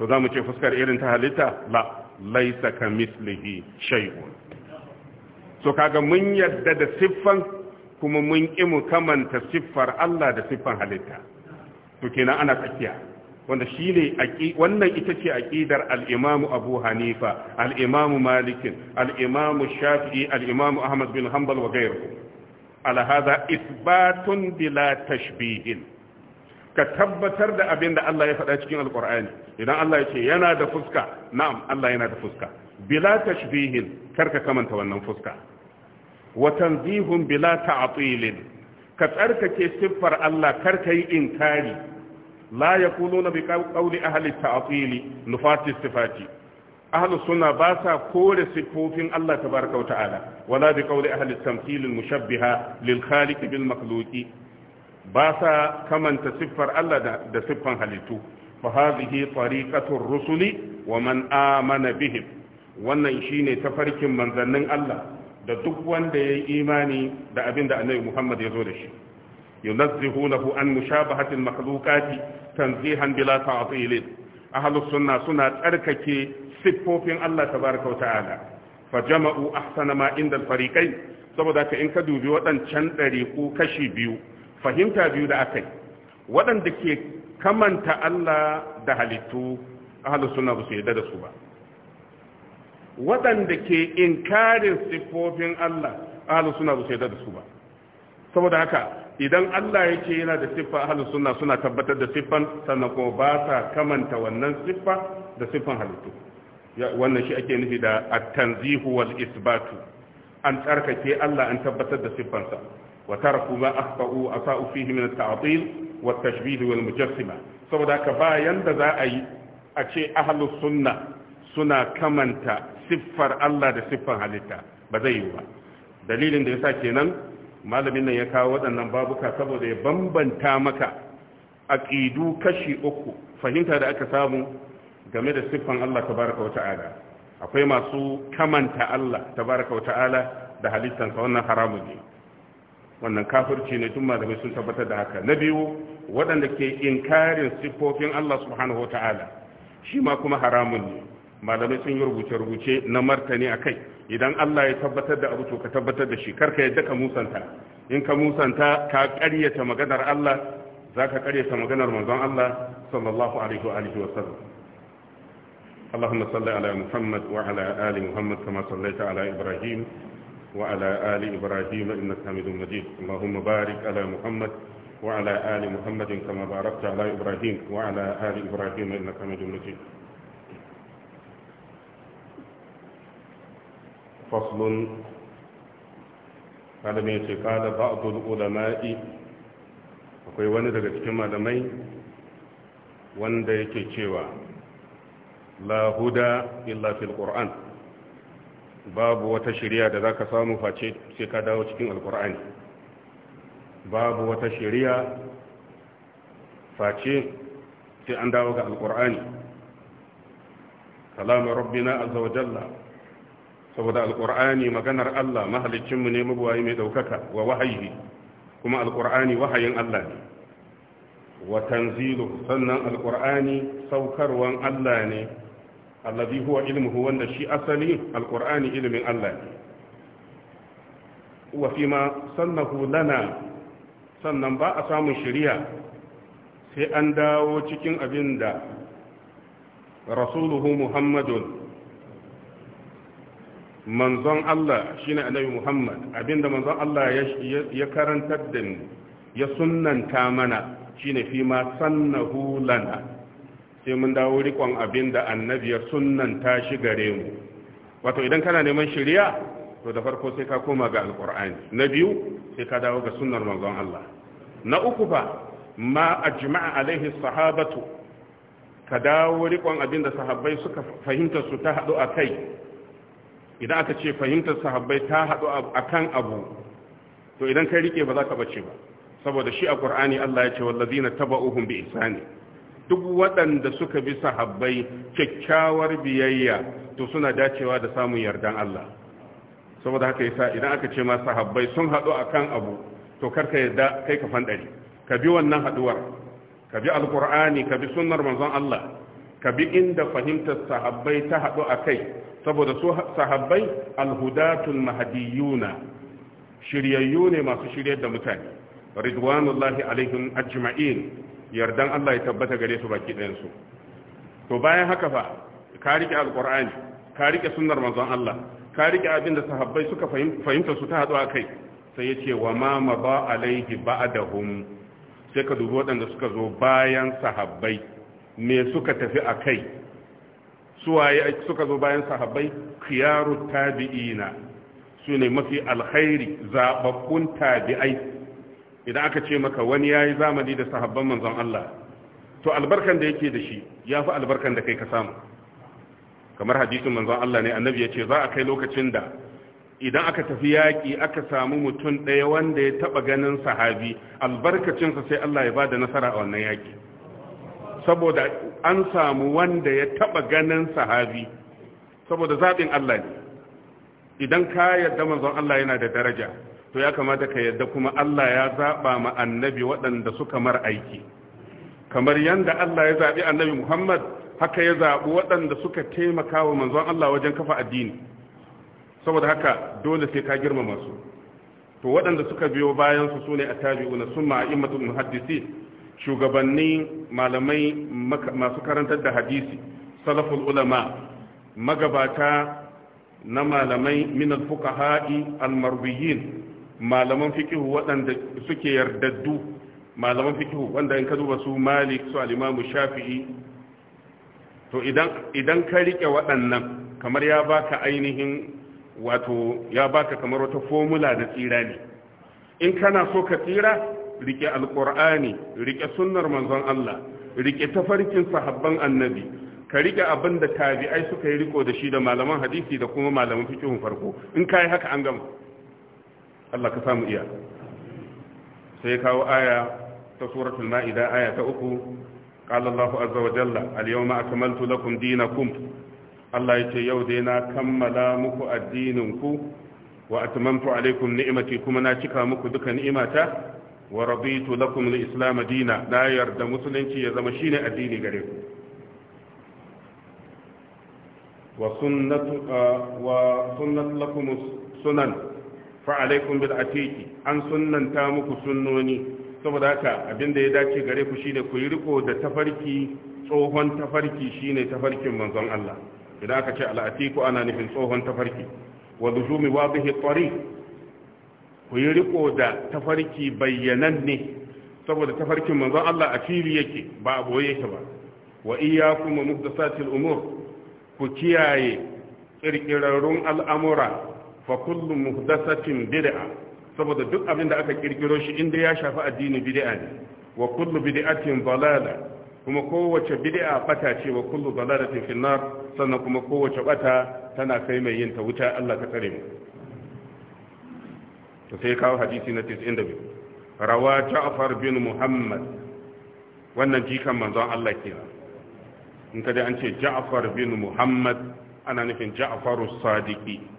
to za mu ce fuskar irin ta halitta la laisa ka mislihi shay'un so kaga mun yadda da siffan kuma mun ki mu kamanta siffar Allah da siffan halitta to kenan ana tsakiya wanda shine wannan ita ce aqidar al-Imam Abu Hanifa al-Imam Malik al-Imam Shafi'i al-Imam Ahmad bin Hanbal wa ghayruhum ala hadha isbatun bila tashbihin ka tabbatar da abin da Allah ya faɗa cikin alqur'ani idan Allah ya ce yana da fuska na'am Allah yana da fuska bila tashbihin karka kamanta wannan fuska wa tanzihun bila ta'tilin ka tsarkake siffar Allah kar ka yi inkari la yaquluna bi qawli ahli ta'til nufati sifati ahlus sunna ba sa kore siffofin Allah tabaraka bar wala bi qawli ahli tamthil al mushabbiha lil khaliq bil makhluqi ba sa kamanta siffar Allah da siffan halittu fa hadhihi tariqatur rusuli wa man amana bihim wannan shine tafarkin manzannin Allah da duk wanda yayi imani da abinda Annabi Muhammad ya zo da shi yunazzihu lahu an mushabahati al makhluqati tanzihan bila ta'til ahlus sunna suna tsarkake siffofin Allah tabaraka wa ta'ala fa jama'u ahsana ma inda al saboda ka in ka dubi waɗancan ɗariƙu kashi biyu fahimta biyu da akai waɗanda ke kamanta Allah da halittu ahlus sunna ba su da su ba waɗanda ke inkarin siffofin Allah ahlus sunna ba su da su ba saboda haka idan Allah yake yana da siffa ahlus sunna suna tabbatar da siffan sannan ba sa kamanta wannan siffa da siffan halittu wannan shi ake nufi da a tanzihu wal isbatu an tsarkake Allah an tabbatar da siffansa wa taraku ma akhta'u asa'u fihi min at-ta'til wa at-tashbih wal mujassima saboda ka bayan da za a yi a ce ahlus sunna suna kamanta siffar Allah da siffan halitta ba zai yi ba dalilin da yasa kenan malamin nan ya kawo waɗannan babuka saboda ya bambanta maka aqidu kashi uku fahimta da aka samu game da siffan Allah tabaraka wa ta'ala akwai masu kamanta Allah tabaraka wa ta'ala da halittansa wannan haramun ne wannan kafirci ne tun malamai sun tabbatar da haka na biyu waɗanda ke inkarin siffofin Allah subhanahu wa ta'ala shi ma kuma haramun ne malamai sun yi rubuce-rubuce na martani a kai idan Allah ya tabbatar da abu to ka tabbatar da shi karka yadda ka musanta in ka musanta ka ƙaryata maganar Allah za ka ƙaryata maganar manzon Allah sallallahu alaihi wa alihi wa sallam اللهم صل على محمد وعلى آل محمد كما صليت على إبراهيم وعلى آل إبراهيم إنك حميد مجيد اللهم بارك على محمد وعلى آل محمد كما باركت على إبراهيم وعلى آل إبراهيم إنك حميد مجيد فصل قال من قال بعض العلماء akwai wani daga cikin malamai wanda yake cewa la huda illa fil qur'an babu wata shari'a da zaka samu face sai ka dawo cikin alqur'ani babu wata shari'a face sai an dawo ga alqur'ani kalamu rabbina azza wa jalla saboda alqur'ani maganar Allah mahalicin mu ne mabuwayi mai daukaka wa wahayi kuma alqur'ani wahayin Allah ne wa tanzilu sannan alqur'ani saukarwan Allah ne allazi huwa ilmuhu wanda shi asali alqur'ani ilmin Allah ne wa fi ma sannahu lana sannan ba a samun shari'a sai an dawo cikin abin da rasuluhu muhammadun manzon Allah shine annabi Muhammad abinda manzon Allah ya karantar da mu ya sunnanta mana shine fi ma sannahu lana sai mun dawo rikon abin da annabiyar sunnan ta shi gare mu wato idan kana neman shirya to da farko sai ka koma ga alkur'ani na biyu sai ka dawo ga sunnar manzon Allah na uku fa ma ajma'a alaihi sahabatu ka dawo rikon abin da sahabbai suka fahimta su ta hadu akai idan aka ce fahimtar sahabbai ta hadu akan abu to idan kai rike ba za ka bace ba saboda shi a Allah ya ce wallazina taba'uhum bi ihsani duk waɗanda suka bi sahabbai kyakkyawar biyayya to suna dacewa da samun yardan Allah saboda haka yasa idan aka ce ma sahabbai sun haɗu akan abu to karka yadda kai ka fandari ka bi wannan haɗuwar ka bi Alkur'ani, ka bi sunnar manzon Allah ka bi inda fahimtar sahabbai ta haɗu akai saboda su sahabbai alhudatul mahdiyuna shiryayyu ne masu shiryar da mutane ridwanullahi alaihim ajma'in yardan Allah ya tabbata gare su baki ɗayan to bayan haka fa ka rike alqur'ani ka rike sunnar manzon Allah ka rike abin da sahabbai suka fahimta su ta hadu akai sai yace wa ma ma ba alaihi ba'dahum sai ka dubi waɗanda suka zo bayan sahabbai me suka tafi akai suwaye suka zo bayan sahabbai khiyaru tabi'ina su ne mafi alkhairi zababbun tabi'ai idan aka ce maka wani yayi zamani da sahabban manzon Allah to albarkan da yake da shi yafi albarkan da kai ka samu kamar hadisin manzon Allah ne annabi ya ce za a kai lokacin da idan aka tafi yaƙi aka samu mutum ɗaya wanda ya taɓa ganin sahabi albarkacinsa sai Allah ya ba da nasara a wannan yaƙi saboda an samu wanda ya taɓa ganin sahabi saboda zaɓin Allah ne idan ka yarda manzon Allah yana da daraja to ya kamata ka yadda kuma Allah ya zaba ma annabi waɗanda suka mar aiki kamar yadda Allah ya zaɓi annabi Muhammad haka ya zaɓi waɗanda suka taimaka wa manzon Allah wajen kafa addini saboda haka dole sai ka girmama su to waɗanda suka biyo bayan su sune attabi'una summa a'immatul muhaddisin shugabanni malamai masu karantar da hadisi salaful ulama magabata na malamai min al-fuqaha'i al malaman fikihu waɗanda suke yardaddu malaman fikihu wanda in ka duba su malik su alimamu shafi'i to idan ka rike waɗannan kamar ya baka ainihin wato ya baka kamar wata fomula da tsira ne in kana so ka tsira rike alƙur'ani rike sunnar manzon Allah rike tafarkin sahabban annabi ka rike abin da tabi'ai suka yi riko da shi da malaman hadisi da kuma malaman fikihun farko in kai haka an gama Allah ka samu iya sai kawo aya ta suratul ma'ida aya ta uku qala Allahu azza wa jalla al-yawma akmaltu lakum dinakum Allah yace yau dai na kammala muku addininku. ku wa atmamtu alaykum ni'mati kuma na cika muku duka ni'imata wa raditu lakum al-islam dina na yarda musulunci ya zama shine addini gare ku wa sunnatu uh, wa sunnat lakum sunan fa alaikum bil atiki an ta muku sunnoni saboda haka abinda ya dace gare ku shine ku yi riko da tafarki tsohon tafarki shine tafarkin manzon Allah idan aka ce al ana nufin tsohon tafarki wa luzumi wadihi tariq ku yi riko da tafarki ne saboda tafarkin manzon Allah a fili yake ba a boye yake ba wa iyyakum muhdathatil umur ku kiyaye kirkirarrun al'amura fa kullu muhdathatin bid'a saboda duk abin da aka kirkiro shi inda ya shafi addini bid'a ne wa kullu bid'atin dalala kuma kowace bid'a bata ce wa kullu dalalatin fi nar sannan kuma kowace bata tana kai mai yin ta wuta Allah ka tsare mu to sai kawo hadisi na 92 rawa Ja'far bin Muhammad wannan jikan manzon Allah kenan in kada an ce Ja'far bin Muhammad ana nufin Ja'farus Sadiqi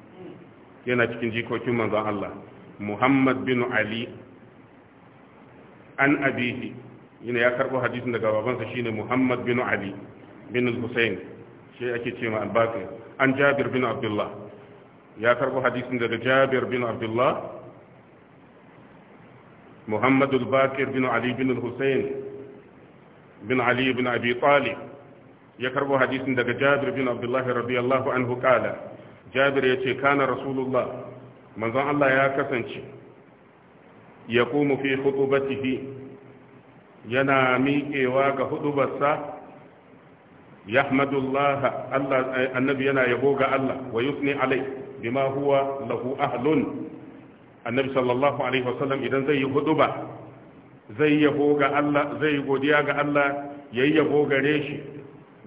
yana cikin jikokin manzon Allah Muhammad bin Ali an abihi yana ya karbo hadisin daga babansa shine Muhammad bin Ali bin Hussein shi ake cewa al-Baqir an Jabir bin Abdullah ya karbo hadisin daga Jabir bin Abdullah Muhammad الباكر بن bin بن bin بن bin بن أبي طالب يكره حديث دك جابر بن عبد الله رضي الله عنه قال jabir ya ce kana rasulullah manzon Allah ya kasance ya kuma fi hudubatihi yana miƙewa ga hudubarsa yahmadullah Allah annabi yana yabo ga Allah wa yusni alai bima huwa lahu ahlun annabi sallallahu alaihi wasallam idan zai yi huduba zai yabo ga Allah zai godiya ga Allah yayi yabo gare shi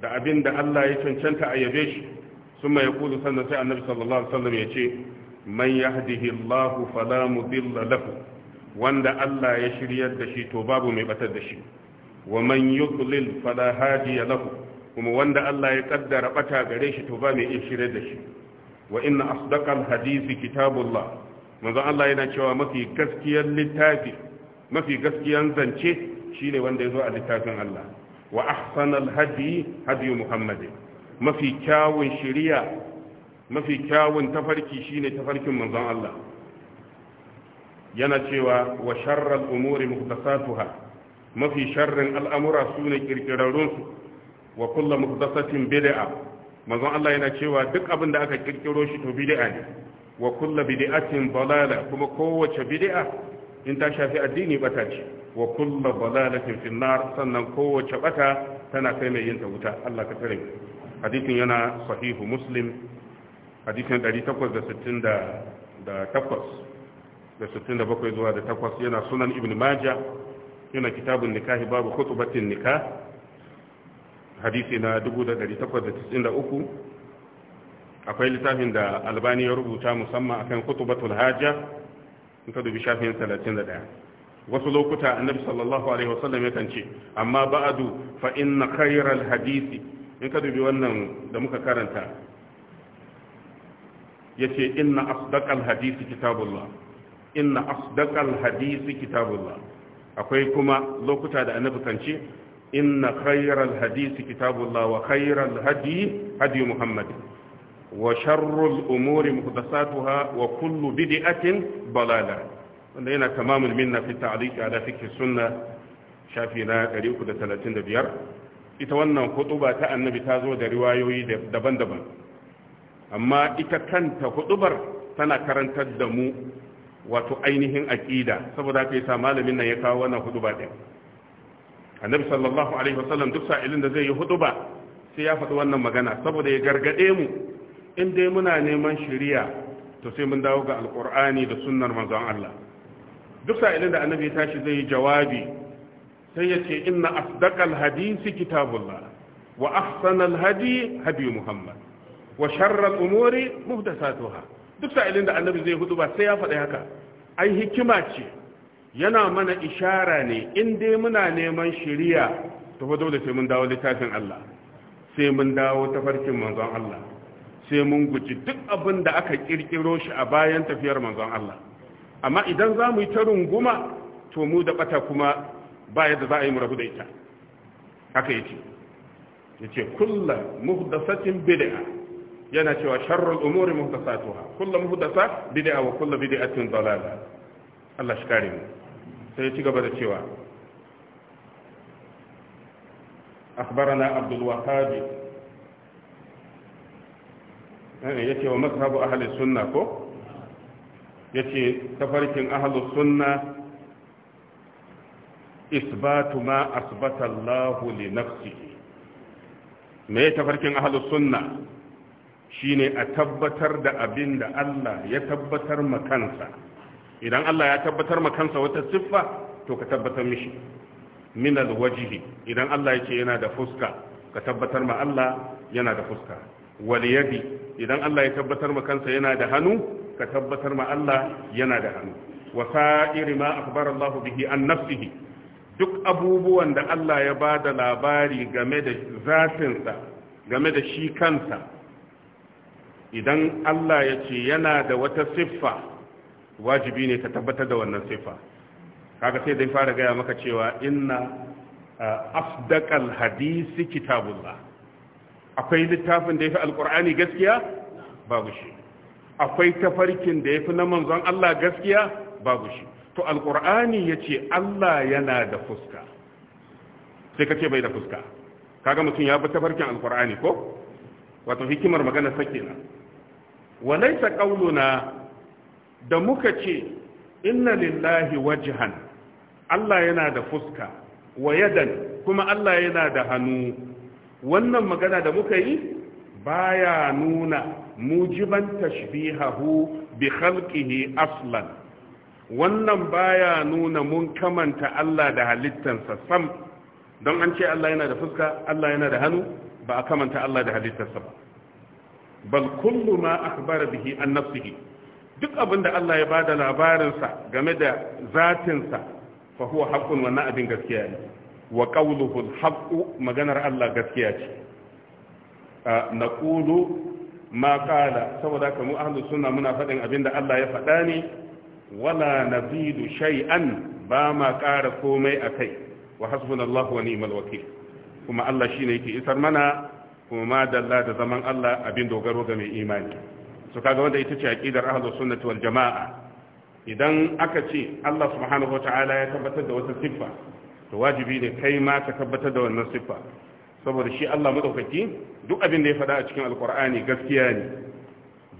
da abin da Allah ya cancanta a yabe shi ثم يقول سنة النبي صلى الله عليه وسلم يتي من يهده الله فلا مضل له وان الله يشري الدشي توباب مبت الدشي ومن يضلل فلا هادي له وما وان الله يقدر بتا غريش توباب يشري الدشي وإن أصدق الحديث كتاب الله من الله ينشوى ما في كسكيا للتافي ما في كسكيا زنشي شيني وان يزوى للتافي الله وأحسن الهدي هدي محمد mafi kyawun shiriya mafi kyawun tafarki shine tafarkin manzon Allah yana cewa wa sharral umuri muhtasatuha mafi sharrin al'amura sune kirkirarrun su wa kullu muhtasatin bid'a manzon Allah yana cewa duk abin da aka kirkiro shi to bid'a ne wa kullu bid'atin dalala kuma kowace bid'a in ta shafi addini bata ce wa kullu dalalatin finnar sannan kowace bata tana kai mai yin ta wuta Allah ka tare mu Hadisin yana sahihu muslim hadithin 868 da 67 zuwa da 8 yana sunan ibn majah yana kitabun nikahi babu khutubatin nikah hadisi na 1893 akwai littafin da albani ya rubuta musamman akan khutubatul hajja in dubi shafin 31 wasu lokuta annabi sallallahu alaihi wasallam yakan ce amma ba'du fa inna khayral hadisi in ka dubi wannan da muka karanta ya ce inna asdaqal hadisi kitabullah inna asdaqal hadisi kitabullah akwai kuma lokuta da annabi kan ce inna khayral hadisi kitabullah wa khayral hadi hadi muhammad wa sharrul umuri muhdathatuha wa kullu bid'atin balala wanda yana tamamul minna fi ta'liq ala fiqh sunna shafi na 335 ita wannan huɗuba ta annabi ta zo da riwayoyi daban-daban amma ita kanta huɗubar tana karantar da mu wato ainihin aqida saboda kai sa malamin nan ya kawo wannan hutuba din annabi sallallahu alaihi wasallam duk sa'ilin da zai yi hutuba sai ya faɗi wannan magana saboda ya gargade mu in dai muna neman shari'a to sai mun dawo ga alqur'ani da sunnar manzon Allah duk sa'ilin da annabi ya tashi zai yi jawabi sai ya ce inna asdaqal hadisi kitabullah wa ahsanal hadi hadi muhammad wa sharral umuri muhdathatuha duk sa'ilin da annabi zai hudu ba sai ya faɗi haka ai hikima ce yana mana ishara ne in dai muna neman shiriya to fa dole sai mun dawo littafin Allah sai mun dawo tafarkin manzon Allah sai mun guji duk abin da aka kirkiro shi a bayan tafiyar manzon Allah amma idan za mu yi ta runguma to mu da bata kuma ba yadda za a yi mu rabu da ita haka ya ce kulla muhdasatin bid'a yana cewa sharrul umuri muhdasatuha kulla muhdasa bid'a wa kulla bid'atin dalala Allah shi kare mu sai ya ci gaba da cewa Abdul eh, ya ce wa mazhabu ahli sunna ko ya ce tafarkin ahli sunna isbatu ma asbata Allah li nafsihi me tafarkin ahlus sunna shine a tabbatar da abin da Allah ya tabbatar ma kansa idan Allah ya tabbatar ma kansa wata siffa to ka tabbatar mishi min alwajhi idan Allah yake yana da fuska ka tabbatar ma Allah yana da fuska wal yadi idan Allah ya tabbatar ma kansa yana da hannu ka tabbatar ma Allah yana da hannu wa sa'iri ma akhbara Allah bihi an nafsihi duk abubuwan da Allah ya ba da labari game da zafinsa game da shi kansa idan Allah ya ce yana da wata siffa wajibi ne ka tabbatar da wannan siffa kaga sai dai fara gaya maka cewa inna afdaqal hadisi kitabullah akwai littafin da yafi alqur'ani gaskiya babu shi akwai tafarkin da yafi na manzon Allah gaskiya babu shi to alkur'ani ya ce Allah yana da fuska sai ka ce bai da fuska kaga mutum ya bi tafarkin alkur'ani ko wato hikimar magana sake na walaita ƙaununa da muka ce inna lillahi wajihan Allah yana da fuska wa yadan kuma Allah yana da hannu wannan magana da muka yi baya nuna mujiban tashbihahu bi khalqihi aslan wannan baya nuna mun kamanta Allah da halittansa sam don an ce Allah yana da fuska Allah yana da hannu ba a kamanta Allah da halittarsa ba bal kullu ma akhbara bihi an nafsihi duk abinda Allah ya bada labarinsa game da zatinsa fa huwa haqqun wannan abin gaskiya ne wa qawluhu al maganar Allah gaskiya ce naqulu ma qala saboda kamu ahlus sunna muna faɗin abinda Allah ya faɗa ne wala nazidu shay'an ba ma ƙara komai a kai wa hasbunallahu wa ni'mal wakil kuma Allah shine yake isar mana kuma ma da zaman Allah abin dogaro ga mai imani su kaga wanda ita ce aqidar ahlus sunnati wal jamaa idan aka ce Allah subhanahu wataala ya tabbatar da wata siffa to wajibi ne kai ma ka tabbatar da wannan siffa saboda shi Allah madaukaki duk abin da ya faɗa a cikin alqur'ani gaskiya ne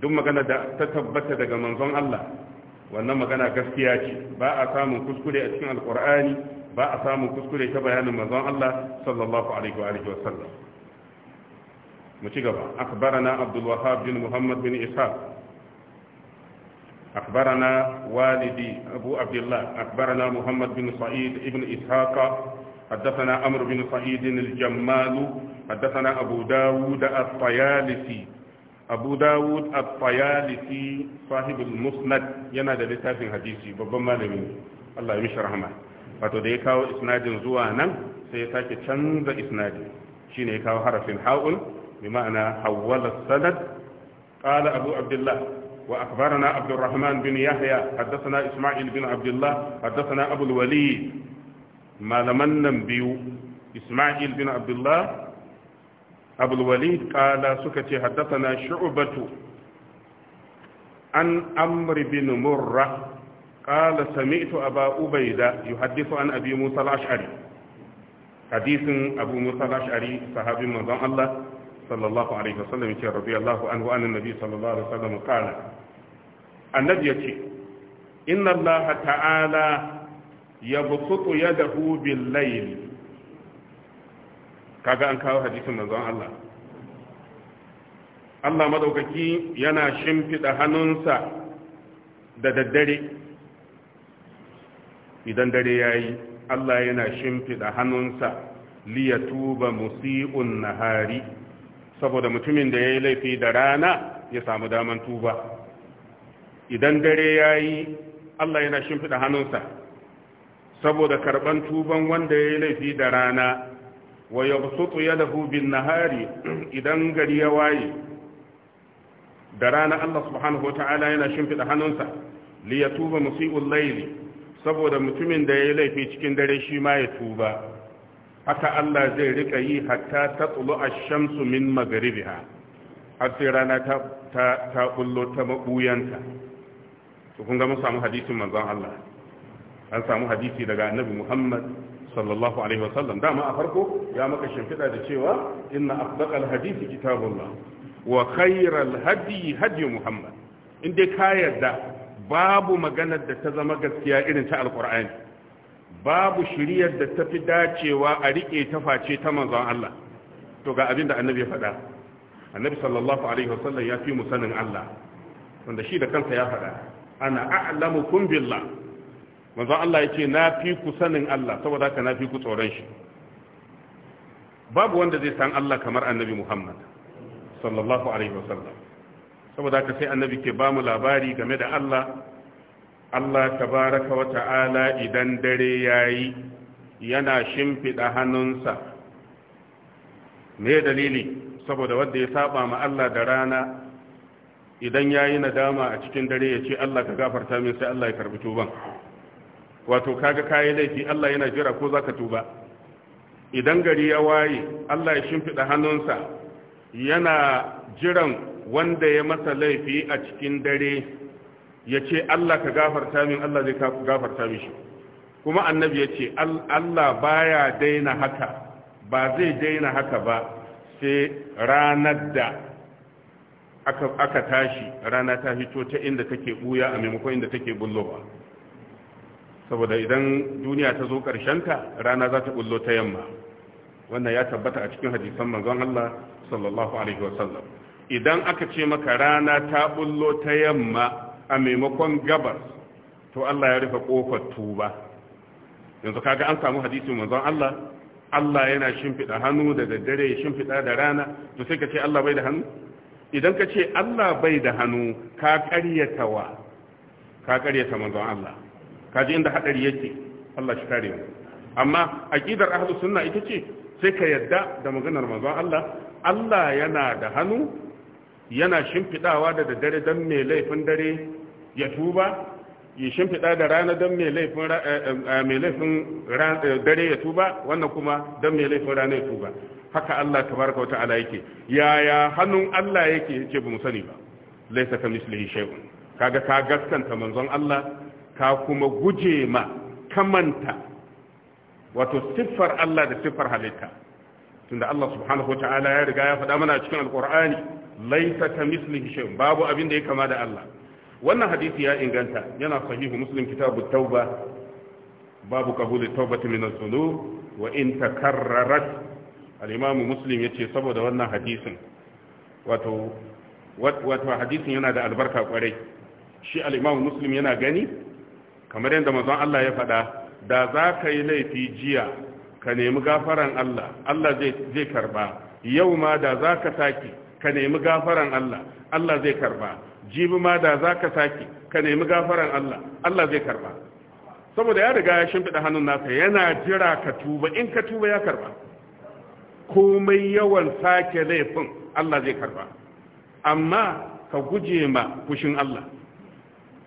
duk magana da ta tabbata daga manzon Allah wannan magana gaskiya ce ba a samun kuskure a cikin alkur'ani ba a samun kuskure ta bayanin manzon Allah sallallahu alaihi wa wa sallam mu ci gaba akbarana abdul wahhab bin muhammad bin ishaq أخبرنا والدي أبو عبد الله أخبرنا محمد بن سعيد بن إسحاق حدثنا أمر بن سعيد الجمال حدثنا أبو داود الطيالسي abu dawud at-tayalisi musnad yana da littafin hadisi babban malami Allah ya mishi rahama wato da ya kawo isnadin zuwa nan sai ya sake canza isnadin shine ya kawo harafin ha'ul bi ma'ana hawwala sanad qala abu abdullah wa akhbarana abdurrahman bin yahya haddathana isma'il bin abdullah haddathana abu al malaman nan biyu isma'il bin abdullah abul walid suka ce haddathana shu'batu an amri bin murra qala sami'tu aba ubayda yuhaddithu an abi musa al-ash'ari hadisin abu musa al-ash'ari sahabin manzon Allah sallallahu alaihi wasallam yace radiyallahu anhu anna nabi sallallahu alaihi wasallam qala annabi yace inna Allah ta'ala yabsutu yadahu bil layl kaga an kawo hadisin manzon Allah Allah madaukaki yana shimfida hannunsa da daddare idan dare yayi Allah yana shimfida hannunsa liyatuba musii'un nahari saboda mutumin da yayi laifi da rana ya samu daman tuba idan dare yayi Allah yana shimfida hannunsa saboda karban tuban wanda yayi laifi da rana wa yabsutu yadahu bin nahari idan gari ya waye da rana Allah subhanahu wata'ala yana shimfida hannunsa li yatuba musii'ul layli saboda mutumin da yayi laifi cikin dare shi ma ya tuba haka Allah zai rika yi hatta tatlu ash-shamsu min maghribiha har sai rana ta ta ta bullo ta mabuyanta to kun ga mu samu hadisin manzon Allah an samu hadisi daga annabi Muhammad sallallahu alaihi wasallam dama a farko ya maka shimfiɗa da cewa inna afdaqal hadisi kitabullah wa khairal hadi hadi muhammad in dai ka yarda babu maganar da ta zama gaskiya irin ta alqur'ani babu shiriyar da ta fi dacewa a rike ta face ta manzon Allah to ga abin da annabi ya faɗa annabi sallallahu alaihi wasallam ya fi mu sanin Allah wanda shi da kansa ya faɗa ana a'lamukum billah manzon Allah ya ce na fi ku sanin Allah saboda haka na fi ku tsoron shi babu wanda zai san Allah kamar annabi Muhammad sallallahu alaihi wasallam saboda haka sai annabi ke ba mu labari game da Allah Allah tabaraka wa ta'ala idan dare yayi yana shimfida hannunsa me dalili saboda wanda ya saba ma Allah da rana idan yayi nadama a cikin dare ya ce Allah ka gafarta min sai Allah ya karbi tuban wato kaga kayi laifi Allah yana jira ko zaka tuba idan gari ya waye Allah ya shimfida hannunsa yana jiran wanda ya masa laifi a cikin dare ya ce Allah ka gafarta min Allah zai gafarta mishi kuma annabi ya ce Allah baya daina haka ba zai daina haka ba sai ranar da aka tashi rana ta fito ta inda take buya a maimakon inda take bullowa saboda idan duniya ta zo ka, rana za ta ɓullo ta yamma wannan ya tabbata a cikin hadisan manzon Allah sallallahu alaihi wasallam idan aka ce maka rana ta bullo ta yamma a maimakon gabas to Allah ya rufe kofar tuba yanzu kaga an samu hadisin manzon Allah Allah yana shimfiɗa hannu da daddare ya shimfiɗa da rana to sai ka ce Allah bai da hannu idan ka ce Allah bai da hannu ka ƙaryatawa ka ƙaryata manzon Allah kaji inda hadari yake Allah shi kare mu amma aqidar ahlus sunna ita ce sai ka yadda da maganar manzon Allah Allah yana da hannu yana shimfidawa da daddare dan mai laifin dare ya tuba ya shimfida da rana dan mai laifin me laifin eh, eh, eh, dare ya tuba wannan kuma dan mai laifin rana ya tuba haka Allah tabaraka wata'ala yake yaya hannun Allah yake yake mu sani ba laysa kamislihi shay'un kaga ka gaskanta manzon Allah ka kuma guje ma kamanta wato siffar Allah da siffar halitta tunda Allah subhanahu wata'ala ya riga ya faɗa mana cikin alkur'ani laisa ka mislihi babu abin da ya kama da Allah wannan hadisi ya inganta yana sahihu muslim kitabu tauba babu qabuli tawbati min az-zunub wa in takarrarat al-imam muslim yace saboda wannan hadisin wato wato hadisin yana da albarka kwarai shi al-imam muslim yana gani kamar yadda manzon Allah ya faɗa da za ka yi laifi jiya ka nemi gafaran Allah Allah zai karba yau ma da za ka saki ka nemi gafaran Allah Allah zai karba jibi ma da za ka saki ka nemi gafaran Allah Allah zai karba saboda ya riga ya shimfiɗa hannun nasa yana jira ka tuba in ka tuba ya karba komai yawan sake laifin Allah zai karba amma ka guje ma fushin Allah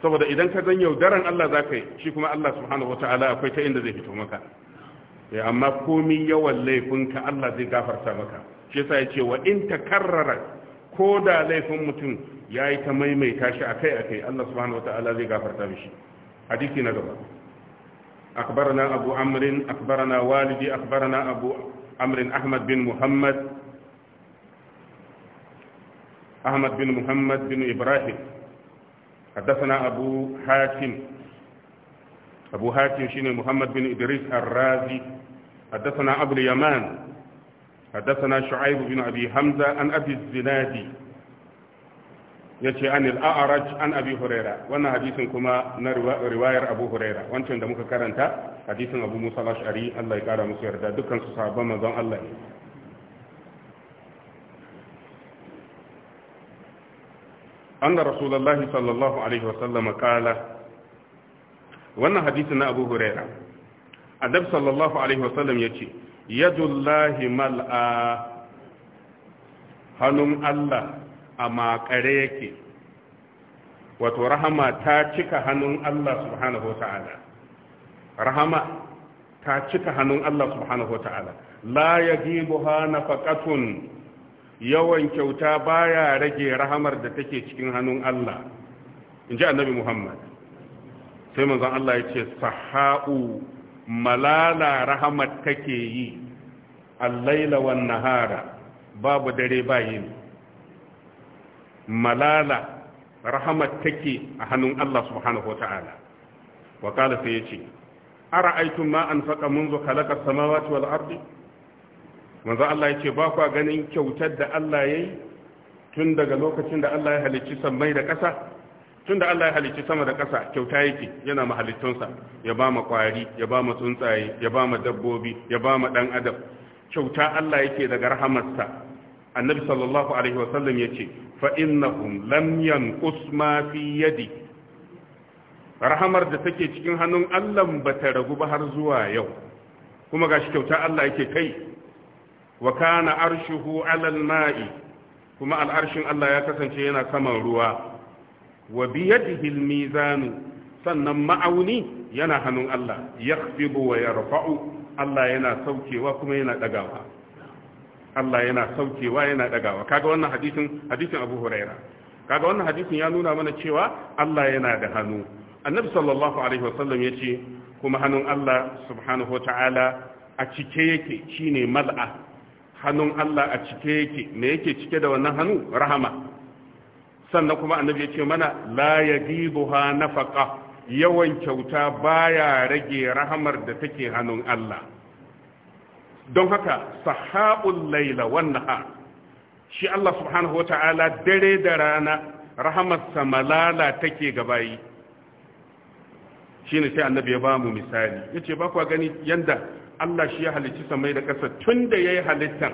saboda idan ka zan daren Allah za ka yi shi kuma Allah subhanahu wa ta'ala akwai ta inda zai fito maka ya eh, amma komi yawan laifinka Allah zai gafarta maka shi sa ya ce wa in ta karrara ko da laifin mutum ya yi ta maimaita shi a kai a kai Allah subhanahu wa ta'ala zai gafarta mishi hadisi na gaba أخبرنا abu عمرو أخبرنا walidi أخبرنا abu عمرو ahmad bin muhammad أحمد بن محمد بن إبراهيم حدثنا أبو حاتم shine muhammad bin idris بن إدريس الرازي حدثنا أبو اليمان حدثنا شعيب بن أبي حمزة عن أبي الزنادي yace an al'arraj an abi huraira wannan hadisin kuma na riwayar abu huraira wancan da muka karanta hadisin abu musa al-ash'ari Allah ya kara musu yarda dukkan su sahabban manzon Allah anna rasulullahi sallallahu alaihi wasallam kala wannan hadisi na abu huraira adab sallallahu alaihi wasallam ya ce yadullahi mal'a hannun allah a makare yake wato rahama ta cika hannun allah subhanahu wa ta'ala rahama ta cika hannun allah subhanahu wa ta'ala la yajibuha nafaqatun yawan kyauta baya rage rahamar da take cikin hannun Allah in ji annabi Muhammad sai manzon Allah ya ce sahau malala rahamar take yi Laila wan nahara babu dare ba yini malala rahamar take a hannun Allah subhanahu wataala wa kala sai ya ce ara'aytum ma anfaqa منذ samawati wal ardi? manzo Allah ya ce ba kwa ganin kyautar da Allah ya yi tun daga lokacin da Allah ya halicci sammai da ƙasa tun da Allah ya halicci sama da ƙasa kyauta yake yana mahalittunsa ya ba kwari ya ba tsuntsaye ya ba dabbobi ya ba ɗan adam kyauta Allah yake daga rahamarsa annabi sallallahu alaihi wasallam ya ce fa lam yanqus ma fi yadi rahamar da take cikin hannun Allah ba ta ragu ba har zuwa yau kuma gashi kyauta Allah yake kai wa kana arshuhu alal ma'i kuma al'arshin Allah ya kasance yana saman ruwa wa biyadihi al-mizanu sannan ma'auni yana hannun Allah yakhfidu wa yarfa'u Allah yana saukewa kuma yana dagawa Allah yana saukewa yana dagawa kaga wannan hadisin hadisin Abu Huraira kaga wannan hadisin ya nuna mana cewa Allah yana da hannu annabi sallallahu alaihi wasallam yace kuma hannun Allah subhanahu wa ta'ala a cike yake shine mal'a hannun Allah a cike yake me yake cike da wannan hannu rahama sannan kuma annabi ya ce mana la na nafaqa yawan kyauta baya rage rahamar da take hannun Allah don haka sahabul laila wan nahar shi Allah subhanahu wata'ala dare da rana sa malala take gabayi shine sai annabi ya ba mu misali yace ba kwa gani yanda Allah shi ya halicci samai da ƙasa tun da ya yi halittan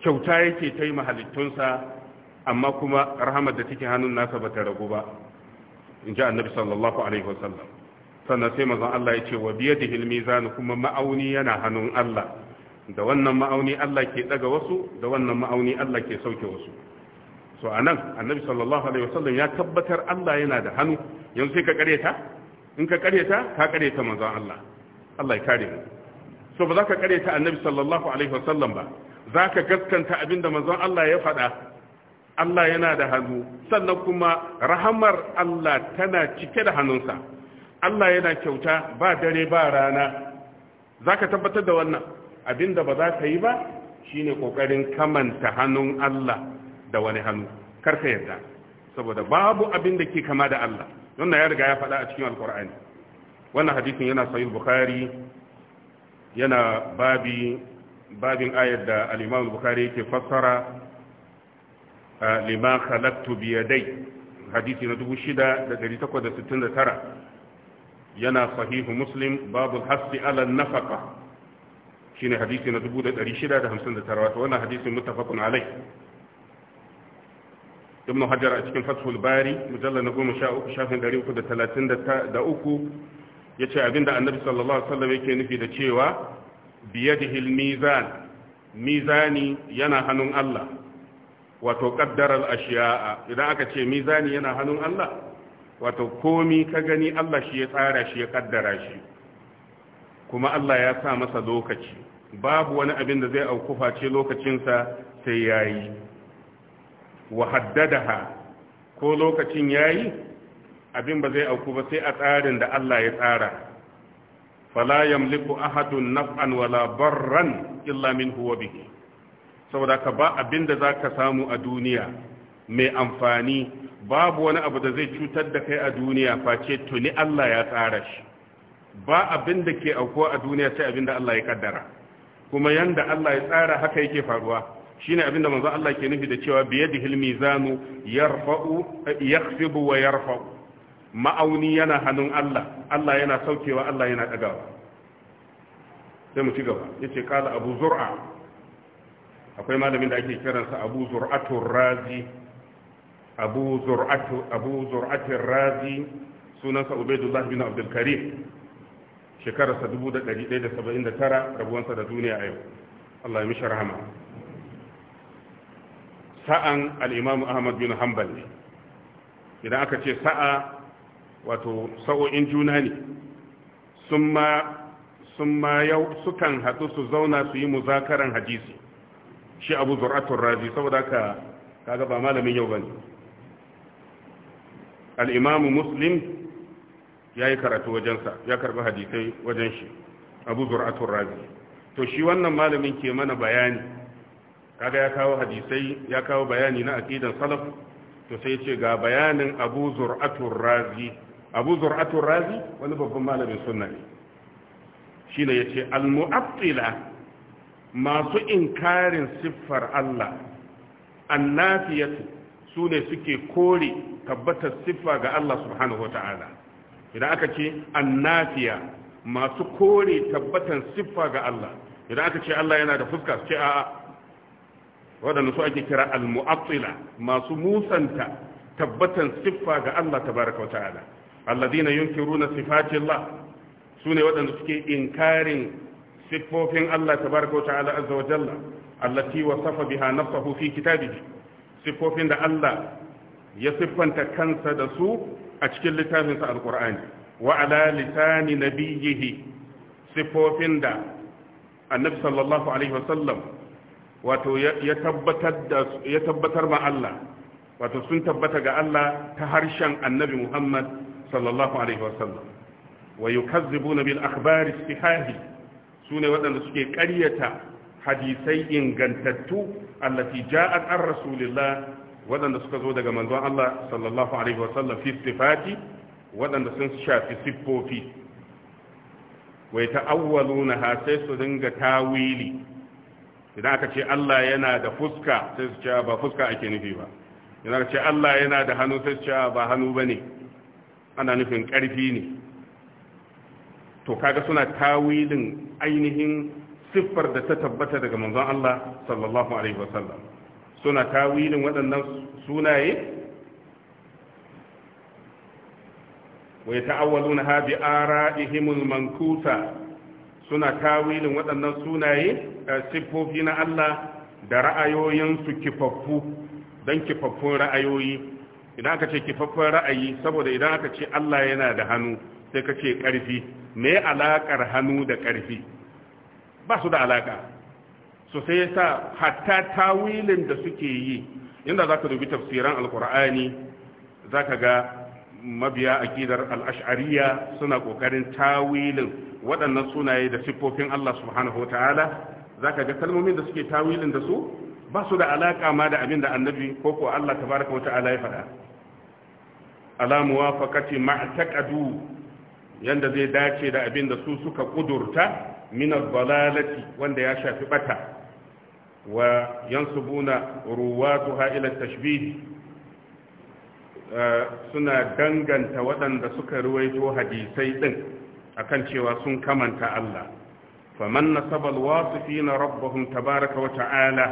kyauta yake ta yi mahalittunsa amma kuma rahamar da take hannun nasa ba ta ragu ba in ji annabi sallallahu alaihi wasallam sannan sai mazan Allah ya ce wa biya da hilmi zanu kuma ma'auni yana hannun Allah da wannan ma'auni Allah ke ɗaga wasu da wannan ma'auni Allah ke sauke wasu so a nan annabi sallallahu alaihi wasallam ya tabbatar Allah yana da hannu yanzu sai ka karyata in ka karyata ka karyata mazan Allah Allah ya kare so ba za ka kare ta annabi sallallahu alaihi wasallam ba za ka gaskanta abinda manzon Allah ya faɗa Allah yana da hannu sannan kuma rahamar Allah tana cike da hannunsa Allah yana kyauta ba dare ba rana za ka tabbatar da wannan abinda ba za ka yi ba shine kokarin kamanta hannun Allah da wani hannu kar ka yarda saboda babu abin da ke kama da Allah wannan ya riga ya faɗa a cikin alkur'ani wannan hadisin yana sahih bukhari yana babi babin ayar da al-imam bukhari yake fassara liman khalaqtu bi yadai hadisi na 6869 yana sahih muslim babu hasi ala nafaqa shine hadisi na 6659 wato wannan hadisin muttafaqun alai ibn hajar a cikin fathul bari mujallal na 13 shafin 333 ya ce abinda annabi sallallahu alaihi wasallam yake nufi da cewa biyadihi mizan mizani yana hannun Allah wato qaddara al-ashiya'a idan aka ce mizani yana hannun Allah wato komi ka gani Allah shi ya tsara shi ya kaddara shi kuma Allah ya sa masa lokaci babu wani abin da zai auku face lokacinsa sai yayi wa haddadaha ko lokacin yayi abin ba zai auku ba sai a tsarin da Allah ya tsara fala yamliku ahadun naf'an wala barran illa min huwa bihi saboda ka ba abin da zaka samu a duniya mai amfani babu wani abu da zai cutar da kai a duniya face tuni Allah ya tsara shi ba abin da ke aukuwa a duniya sai abin da Allah ya kaddara kuma yanda Allah ya tsara haka yake faruwa shine abin da manzo Allah ke nufi da cewa biyadihil mizanu yarfa'u yakhfidu wa yarfa'u ma'auni yana hannun Allah Allah yana saukewa Allah yana ɗagawa sai mu ci gaba ya ce kala abu zur'a akwai malamin da ake kiransa abu zur'atun razi abu zur'atun razi sunansa ubaidullah bin abdulkarim shekararsa 1179 rabuwansa da duniya a yau Allah ya mishi rahama sa'an al'imamu ahmad bin hanbal ne idan aka ce sa'a wato sa'o'in juna ne sun ma yau sukan haɗu su zauna su yi muzakaran hadisi shi abu zuratun razi saboda ka kaga ba malamin yau ba ne al'imamu muslim ya yi karatu wajensa ya karɓi hadisai wajen shi abu zuratun razi to shi wannan malamin ke mana bayani kaga ya kawo hadisai ya kawo bayani na akidan salaf to sai ce ga bayanin abu zuratun razi abu zur'atu razi wani babban malamin sunna ne shine yace al-mu'attila masu inkarin siffar Allah annafiyatu sune suke kore tabbatar siffa ga Allah subhanahu wataala idan aka ce annafiya masu kore tabbatan siffa ga Allah idan aka ce Allah yana da fuska ce a waɗanda su ake kira al masu musanta tabbatan siffa ga Allah tabaraka wataala alladina yunkiruna sifatillah sune waɗanda suke inkarin sifofin Allah tabaraka wa ta'ala azza wa jalla allati wasafa biha nafsuhu fi kitabihi Sifofin da Allah ya siffanta kansa da su a cikin littafinsa alqur'ani wa ala lisani nabiyhi sifofin da annabi sallallahu alaihi wasallam wato ya tabbatar da ya tabbatar ma Allah wato sun tabbata ga Allah ta harshen annabi Muhammad sallallahu alaihi wasallam wa yukazzibuna bil akhbari sihahi sune waɗanda suke karyata hadisai ingantattu allati ja'at ar rasulillah waɗanda suka zo daga manzon Allah sallallahu alaihi wasallam fi sifati waɗanda sun shafi siffofi wai ta'awwaluna ha sai su dinga tawili idan aka ce Allah yana da fuska sai su ce ba fuska ake nufi ba idan aka ce Allah yana da hannu sai su ce ba hannu bane ana nufin ƙarfi ne to kaga suna tawilin ainihin siffar da ta tabbata daga manzon Allah sallallahu alaihi wasallam suna tawilin waɗannan sunaye wa yata'awwaluna ha bi ara'ihimul mankuta suna tawilin waɗannan sunaye eh, siffofi na Allah da ra'ayoyin su kifaffu don kifaffun ra'ayoyi idan aka ce kifaffen ra'ayi saboda idan aka ce Allah yana da hannu sai ka ce ƙarfi me alaƙar hannu da ƙarfi ba su da alaƙa so sai ya sa hatta tawilin da suke yi inda za ka dubi tafsiran Alƙur'ani, za ka ga mabiya akidar al'ash'ariya suna ƙoƙarin tawilin waɗannan sunaye da siffofin Allah subhanahu wa ta'ala za ka ga kalmomin da suke tawilin da su ba su da alaƙa ma da abin da annabi ko ko Allah tabaraka wa ta'ala ya faɗa ala muwafaqati ma'taqadu yanda zai dace da abin da su suka kudurta mina balalati wanda ya shafi bata wa yansubuna ruwatuha ila tashbih eh, suna danganta waɗanda suka ruwaito hadisai ɗin akan cewa sun kamanta Allah faman nasaba al-wasifina rabbahum tabaraka wa ta'ala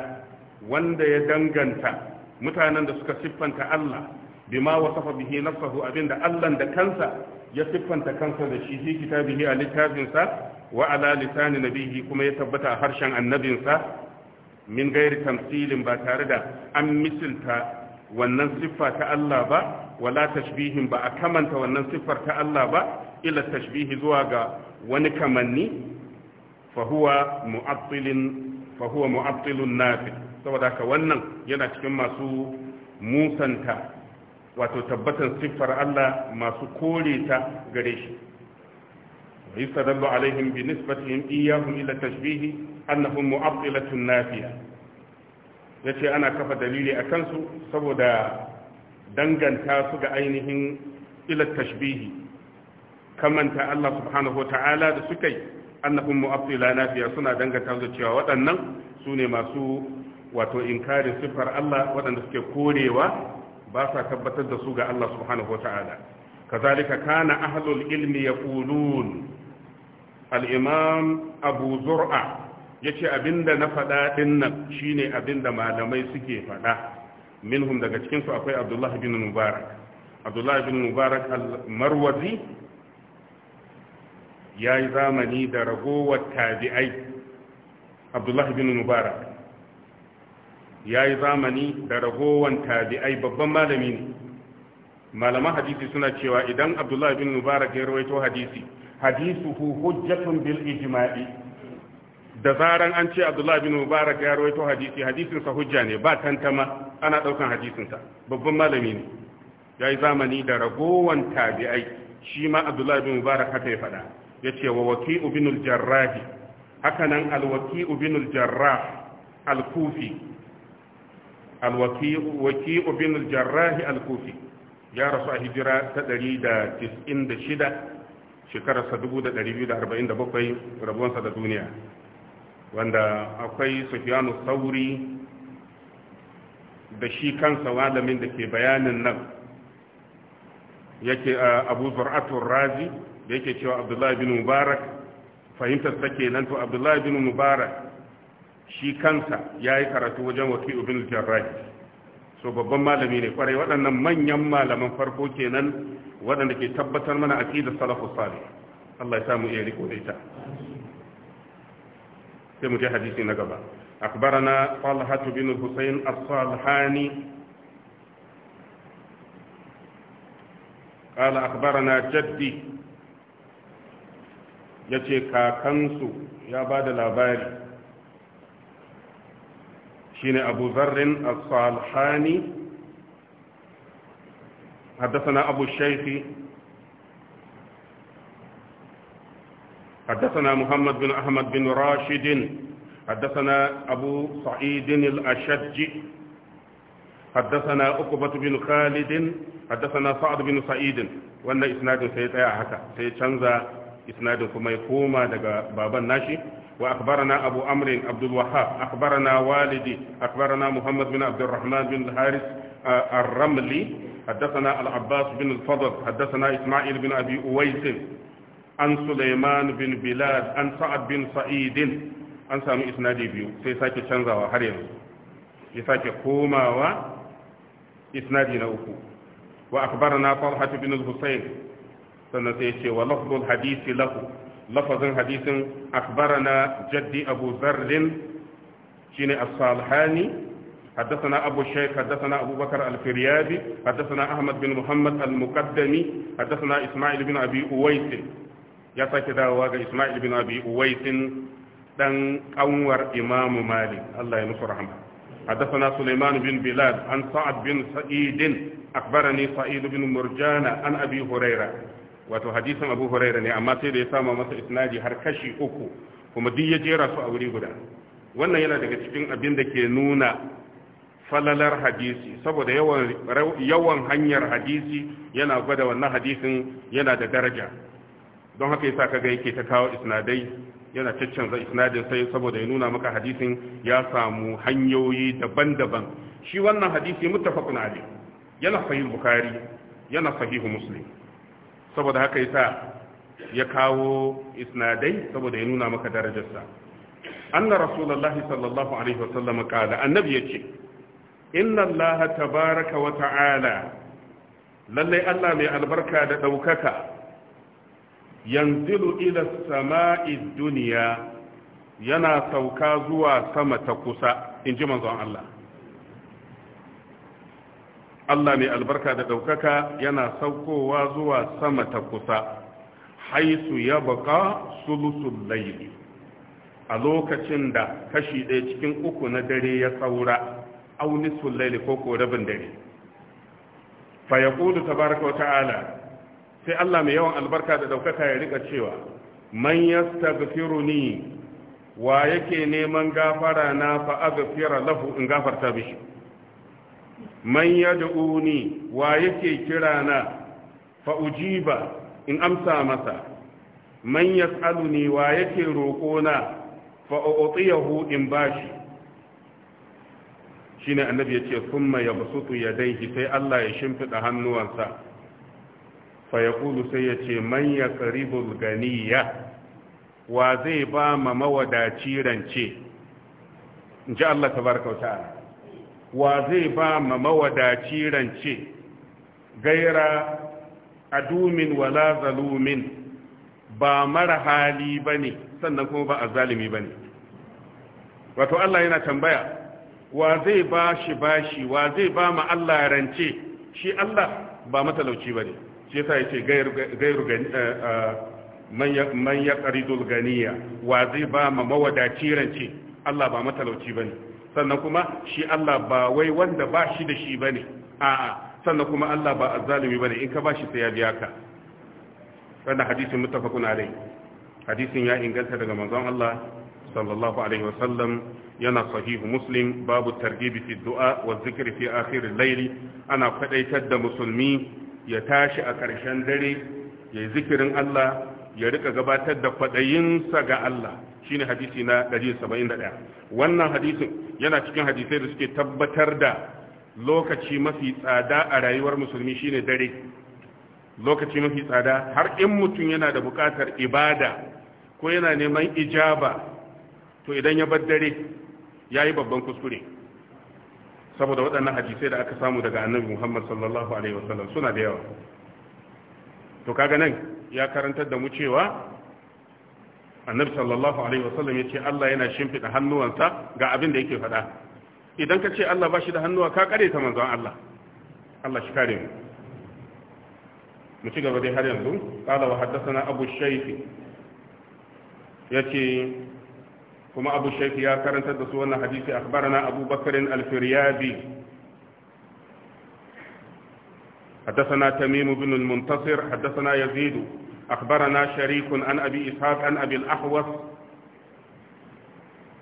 wanda ya danganta mutanen da suka siffanta Allah bima wasafa bihi nafsuhu abinda Allah da kansa ya siffanta kansa da shi fi kitabihi a littafinsa wa ala lisani nabihi kuma ya tabbata a harshen annabinsa min gairi tamsilin ba tare da an misilta wannan siffa ta Allah ba wala tashbihin ba a kamanta wannan siffar ta Allah ba ila tashbihi zuwa ga wani kamanni fa huwa mu'attilin fa huwa mu'attilun nafi saboda ka wannan yana cikin masu musanta wato tabbatar siffar Allah masu kore ta gare shi wa yustadallu alaihim bi nisbatihim iyyahum ila tashbihi annahum mu'attilatun nafiya yace ana kafa dalili a kansu saboda danganta su ga ainihin ila tashbihi kamanta Allah subhanahu wa ta'ala da suka yi annahum mu'attila nafiya suna danganta su cewa waɗannan su ne masu wato inkarin siffar Allah waɗanda suke korewa ba sa tabbatar da su ga Allah subhanahu wata'ala kazalika kana ahlul ilmi yaqulun al-imam abu zur'a yace abinda na faɗa dinnan nan shine abinda malamai suke faɗa minhum daga cikin su akwai abdullahi bin mubarak abdullahi bin mubarak al-marwazi yayi zamani da ragowar tabi'ai abdullahi bin mubarak ya yi zamani da ragowan tabi'ai babban malami ne malaman hadisi suna cewa idan abdullahi bin mubarak ya rawaito hadisi hadisuhu hujjatun bil ijma'i da zaran an ce abdullahi bin mubarak ya rawaito hadisi hadisinsa hujja ne ba tantama ana daukan hadisinsa babban malami ne ya yi zamani da ragowan tabi'ai shi ma abdullahi bin mubarak haka ya faɗa ya ce wa waki'u bin jarrahi haka nan alwaki'u bin jarrah al-kufi alwaki'u bin jarrahi al-kufi ya rasu a hijira ta 196 shekararsa 1247 rabuwansa da duniya wanda akwai sufiyanu sauri da shi kansa malamin da ke bayanin nan yake abu zur'atun razi da yake cewa abdullahi bin mubarak fahimtar ta kenan to abdullahi bin mubarak shi kansa ya yi karatu wajen waki ibn jarrah so babban malami ne kwarai waɗannan manyan malaman farko kenan waɗanda ke tabbatar mana aqidar salafu salih Allah ya samu iya riko da ita sai mu je hadisi na gaba أخبرنا bin بن الحسين salhani قال أخبرنا جدي yace kakansu ya ba da labari شين أبو ذر الصالحاني حدثنا أبو الشيخ حدثنا محمد بن أحمد بن راشد حدثنا أبو سعيد الأشج حدثنا عقبة بن خالد حدثنا سعد بن سعيد وأن إسناد سيتأيى حكا سيتشنزا إسناد كما يقوم دقا بابا ناشي وأخبرنا أبو أمر عبد الوهاب أخبرنا والدي أخبرنا محمد بن عبد الرحمن بن الحارث الرملي حدثنا العباس بن الفضل حدثنا إسماعيل بن أبي أويس عن سليمان بن بلاد عن سعد بن سعيد an samu isnadi biyu sai sake canzawa har yanzu ya sake komawa isnadi na uku wa akbarana talhat bin al-husayn sannan sai ya ce wa lafzul hadisi lahu lafazin hadisin akbarana jaddi abu zarrin shine as-salhani حدثنا أبو الشيخ حدثنا أبو بكر الفريابي حدثنا أحمد بن محمد المقدمي حدثنا إسماعيل بن أبي أويس يا ساكدا واغا إسماعيل بن أبي أويس دن أنور إمام مالك الله ينصر رحمه حدثنا سليمان بن بلال عن سعد بن سعيد أخبرني سعيد بن مرجان عن أبي هريرة wato hadisin abu huraira ne amma sai da ya sama masa isnadi har kashi uku kuma duk ya jera su a wuri guda wannan yana daga cikin abin da ke nuna falalar hadisi saboda yawan yawan hanyar hadisi yana gwada wannan hadisin yana da daraja don haka yasa kaga yake ta kawo isnadai yana caccanza isnadin sai saboda ya nuna maka hadisin ya samu hanyoyi daban-daban shi wannan hadisi muttafaqun alayh yana sahih bukhari yana sahih muslim saboda haka yasa ya kawo isnadai saboda ya nuna maka darajarsa anna rasulullahi sallallahu alaihi wasallam qala annabi ce, inna allaha tabaraka wa ta'ala lallai Allah mai albarka da ɗaukaka, yanzilu ila samai duniya yana sauka zuwa sama ta kusa inji manzon Allah Allah mai albarka da ɗaukaka yana saukowa zuwa sama ta kusa haisu ya baka sulusun laili a lokacin da kashi ɗaya cikin uku na dare ya saura aunisun laili ko ko rabin dare fa ya tabaraka wa ta'ala sai Allah mai yawan albarka da ɗaukaka ya rika cewa man ni, wa yake neman gafara na fa gafira lafu in gafarta bishi man yad'uni wa yake kira na fa ujiba in amsa masa man yas'aluni wa yake roƙo na fa u'tiyahu in bashi shine annabi yace thumma ya yadayhi sai Allah ya shimfida hannuwansa fa Kulu sai yace man gani ganiya wa zai ba ma mawadaci rance in ji Allah tabaraka wa ta'ala wa zai ba ma mawadaci rance gaira adumin wala zalumin ba mara hali ba ne sannan kuma ba a zalimi ba ne wato Allah yana tambaya wa zai ba shi bashi wa zai ba ma Allah rance shi Allah ba matalauci ba ne shi yasa eh, eh, ya ce gairu man ya ƙaridul ganiya wa zai ba ma mawadaci rance Allah ba matalauci ba ne sannan kuma shi Allah ba wai wanda ba shi da shi bane a'a sannan kuma Allah ba ba ne in ka ba shi sai ya biya ka wannan hadisin kuna alayhi hadisin ya inganta daga manzon Allah sallallahu alaihi sallam yana sahihu muslim babu targibi fi du'a wa zikri fi akhir al-layl ana fadaitar da musulmi ya tashi a ƙarshen dare ya zikirin Allah ya rika gabatar da fadayinsa ga Allah shine hadisi na 171 wannan hadisin yana cikin hadisai da suke tabbatar da lokaci mafi tsada a rayuwar musulmi shine dare lokaci mafi tsada har in mutum yana da buƙatar ibada ko yana neman ijaba to idan ya bar dare ya yi babban kuskure saboda waɗannan hadisai da aka samu daga annabi muhammad sallallahu alaihi wasallam suna da yawa to kaga nan ya karantar da mu cewa annabi sallallahu alaihi wasallam ya ce Allah yana shimfiɗa hannuwansa ga abin da yake faɗa idan ka ce Allah ba shi da hannuwa ka kare ta manzon Allah Allah shi kare mu mu ci gaba dai har yanzu qala wa haddathana abu shayfi yace kuma abu shayfi ya karantar da su wannan hadisi akhbarana abu bakr al-firyadi حدثنا تميم بن المنتصر حدثنا يزيد أخبرنا شريك عن أبي إسحاق عن أبي الأحوص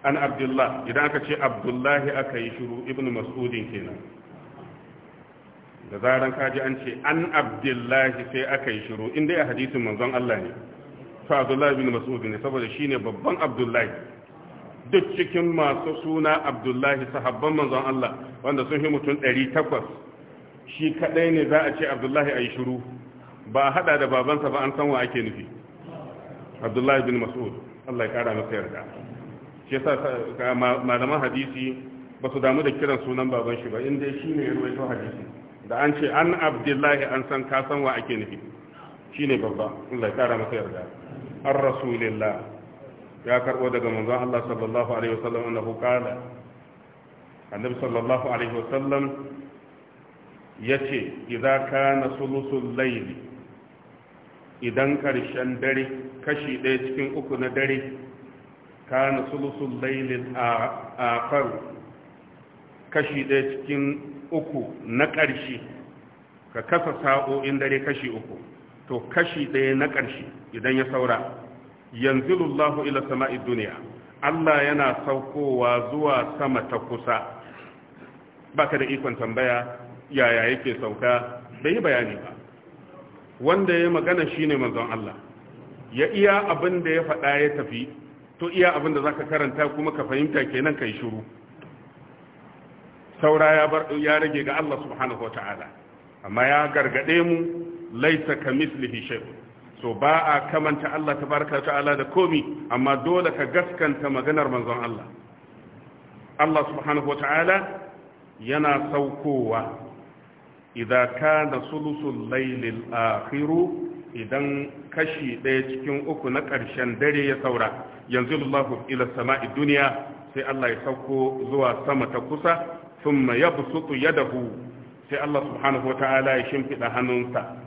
عن عبد الله إذا أكتشي عبد الله أكيشه ابن مسعود كنا da zaran ka ji an ce an abdullahi sai aka yi shiru inda ya hadisin manzon Allah ne to abdullahi bin mas'ud ne saboda shine babban abdullahi duk cikin masu suna abdullahi sahabban manzon Allah wanda sun fi mutum 800 shi kadai ne za a ce abdullahi yi shiru ba a hada da babansa ba an san wa ake nufi abdullahi bin mas'ud Allah ya kara masa yarda shi yasa malaman hadisi ba su damu da kiran sunan baban shi ba inda shi ne ya ruwaito hadisi da an ce an abdullahi an san ka san wa ake nufi shi ne babba Allah ya kara masa yarda an rasulillah ya karbo daga manzon Allah sallallahu alaihi wasallam annahu qala annabi sallallahu alaihi wasallam yace idza kana sulusul layli idan karshen dare kashi ɗaya cikin uku na dare ka na sulusun lailin a faru kashi ɗaya cikin uku na ƙarshe ka kasa sa'o'in dare kashi uku to kashi ɗaya na ƙarshe idan ya saura yanzu lullahu ila sama'i duniya Allah yana saukowa zuwa sama ta kusa Ba ka da ikon tambaya yaya yake sauka bai yi bayani ba wanda ya magana shine manzon Allah ya iya abin da ya faɗa ya tafi to iya abin da zaka karanta kuma ka fahimta kenan kai shiru saura ya bar ya rage ga Allah subhanahu wataala amma ya gargade mu laisa kamislihi shay'un so ba a kamanta Allah tabaraka ta'ala da komi amma dole ka gaskanta maganar manzon Allah Allah subhanahu wataala yana saukowa idza kana sulusul laylil akhiru idan kashi ɗaya cikin uku na ƙarshen dare ya saura yanzu lullahu ila sama'i duniya sai Allah ya sauko zuwa sama ta kusa ma ya busutu yabsutu yadahu sai Allah subhanahu ta'ala ya shimfida hannunsa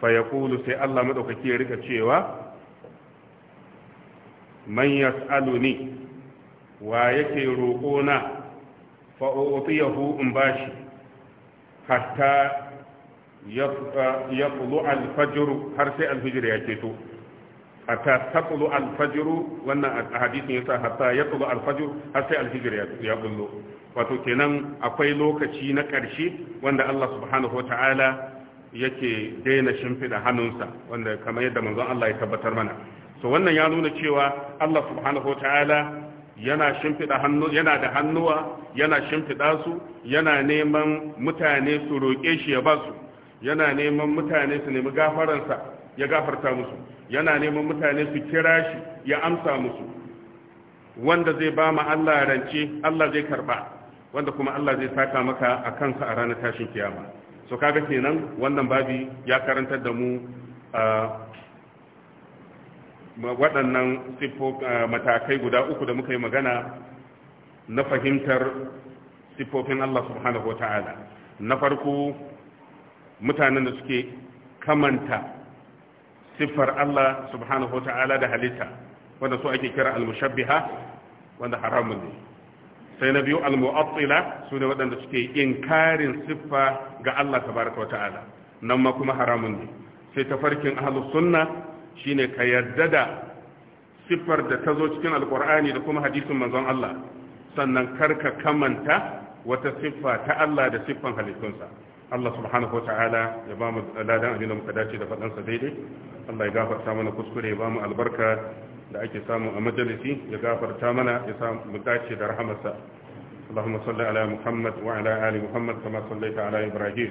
fa yaqulu sai Allah madaukaki ya rika cewa man yas'aluni wa yake roƙona fa utiyahu in bashi hatta ya tsulu alfajiru har sai alfijir ya keto hatta ta tsulu alfajiru wannan a hadisin yasa hatta ya tsulu alfajiru har sai alfijir ya bullo wato kenan akwai lokaci na ƙarshe wanda Allah subhanahu wa ta'ala yake daina shimfiɗa hannunsa wanda kamar yadda manzon Allah ya tabbatar mana so wannan ya nuna cewa Allah subhanahu wa ta'ala yana shimfida hannu yana da hannuwa yana shimfida su yana neman mutane su roƙe shi ya ba su yana neman mutane su nemi gafaransa ya gafarta musu yana neman mutane su kira shi ya amsa musu wanda zai ba ma Allah rance Allah zai karba wanda kuma Allah zai saka maka a kansa a ranar tashin kiyama so kaga kenan wannan babi ya karantar da mu ah, waɗannan matakai guda uku da muka yi magana na fahimtar siffofin Allah subhanahu wa ta'ala na farko mutanen da suke kamanta siffar Allah subhanahu wa ta'ala da halitta wanda su ake kira al-mushabbiha wanda haramun ne sai na biyu al-mu'attila su ne waɗanda suke inkarin siffa ga Allah tabaraka wa ta'ala nan ma kuma haramun ne sai tafarkin ahlus sunna shine ka yarda da siffar da ta zo cikin alkur'ani da kuma hadisin manzon Allah sannan karka kamanta wata siffa ta Allah da siffan halittunsa Allah subhanahu wa ta'ala ya ba mu ladan abin da muka dace da faɗansa daidai Allah ya gafarta mana kuskure ya ba mu albarka da ake samu a majalisi ya gafarta mana ya samu mu dace da rahamarsa اللهم صل على محمد وعلى آل محمد كما صليت على إبراهيم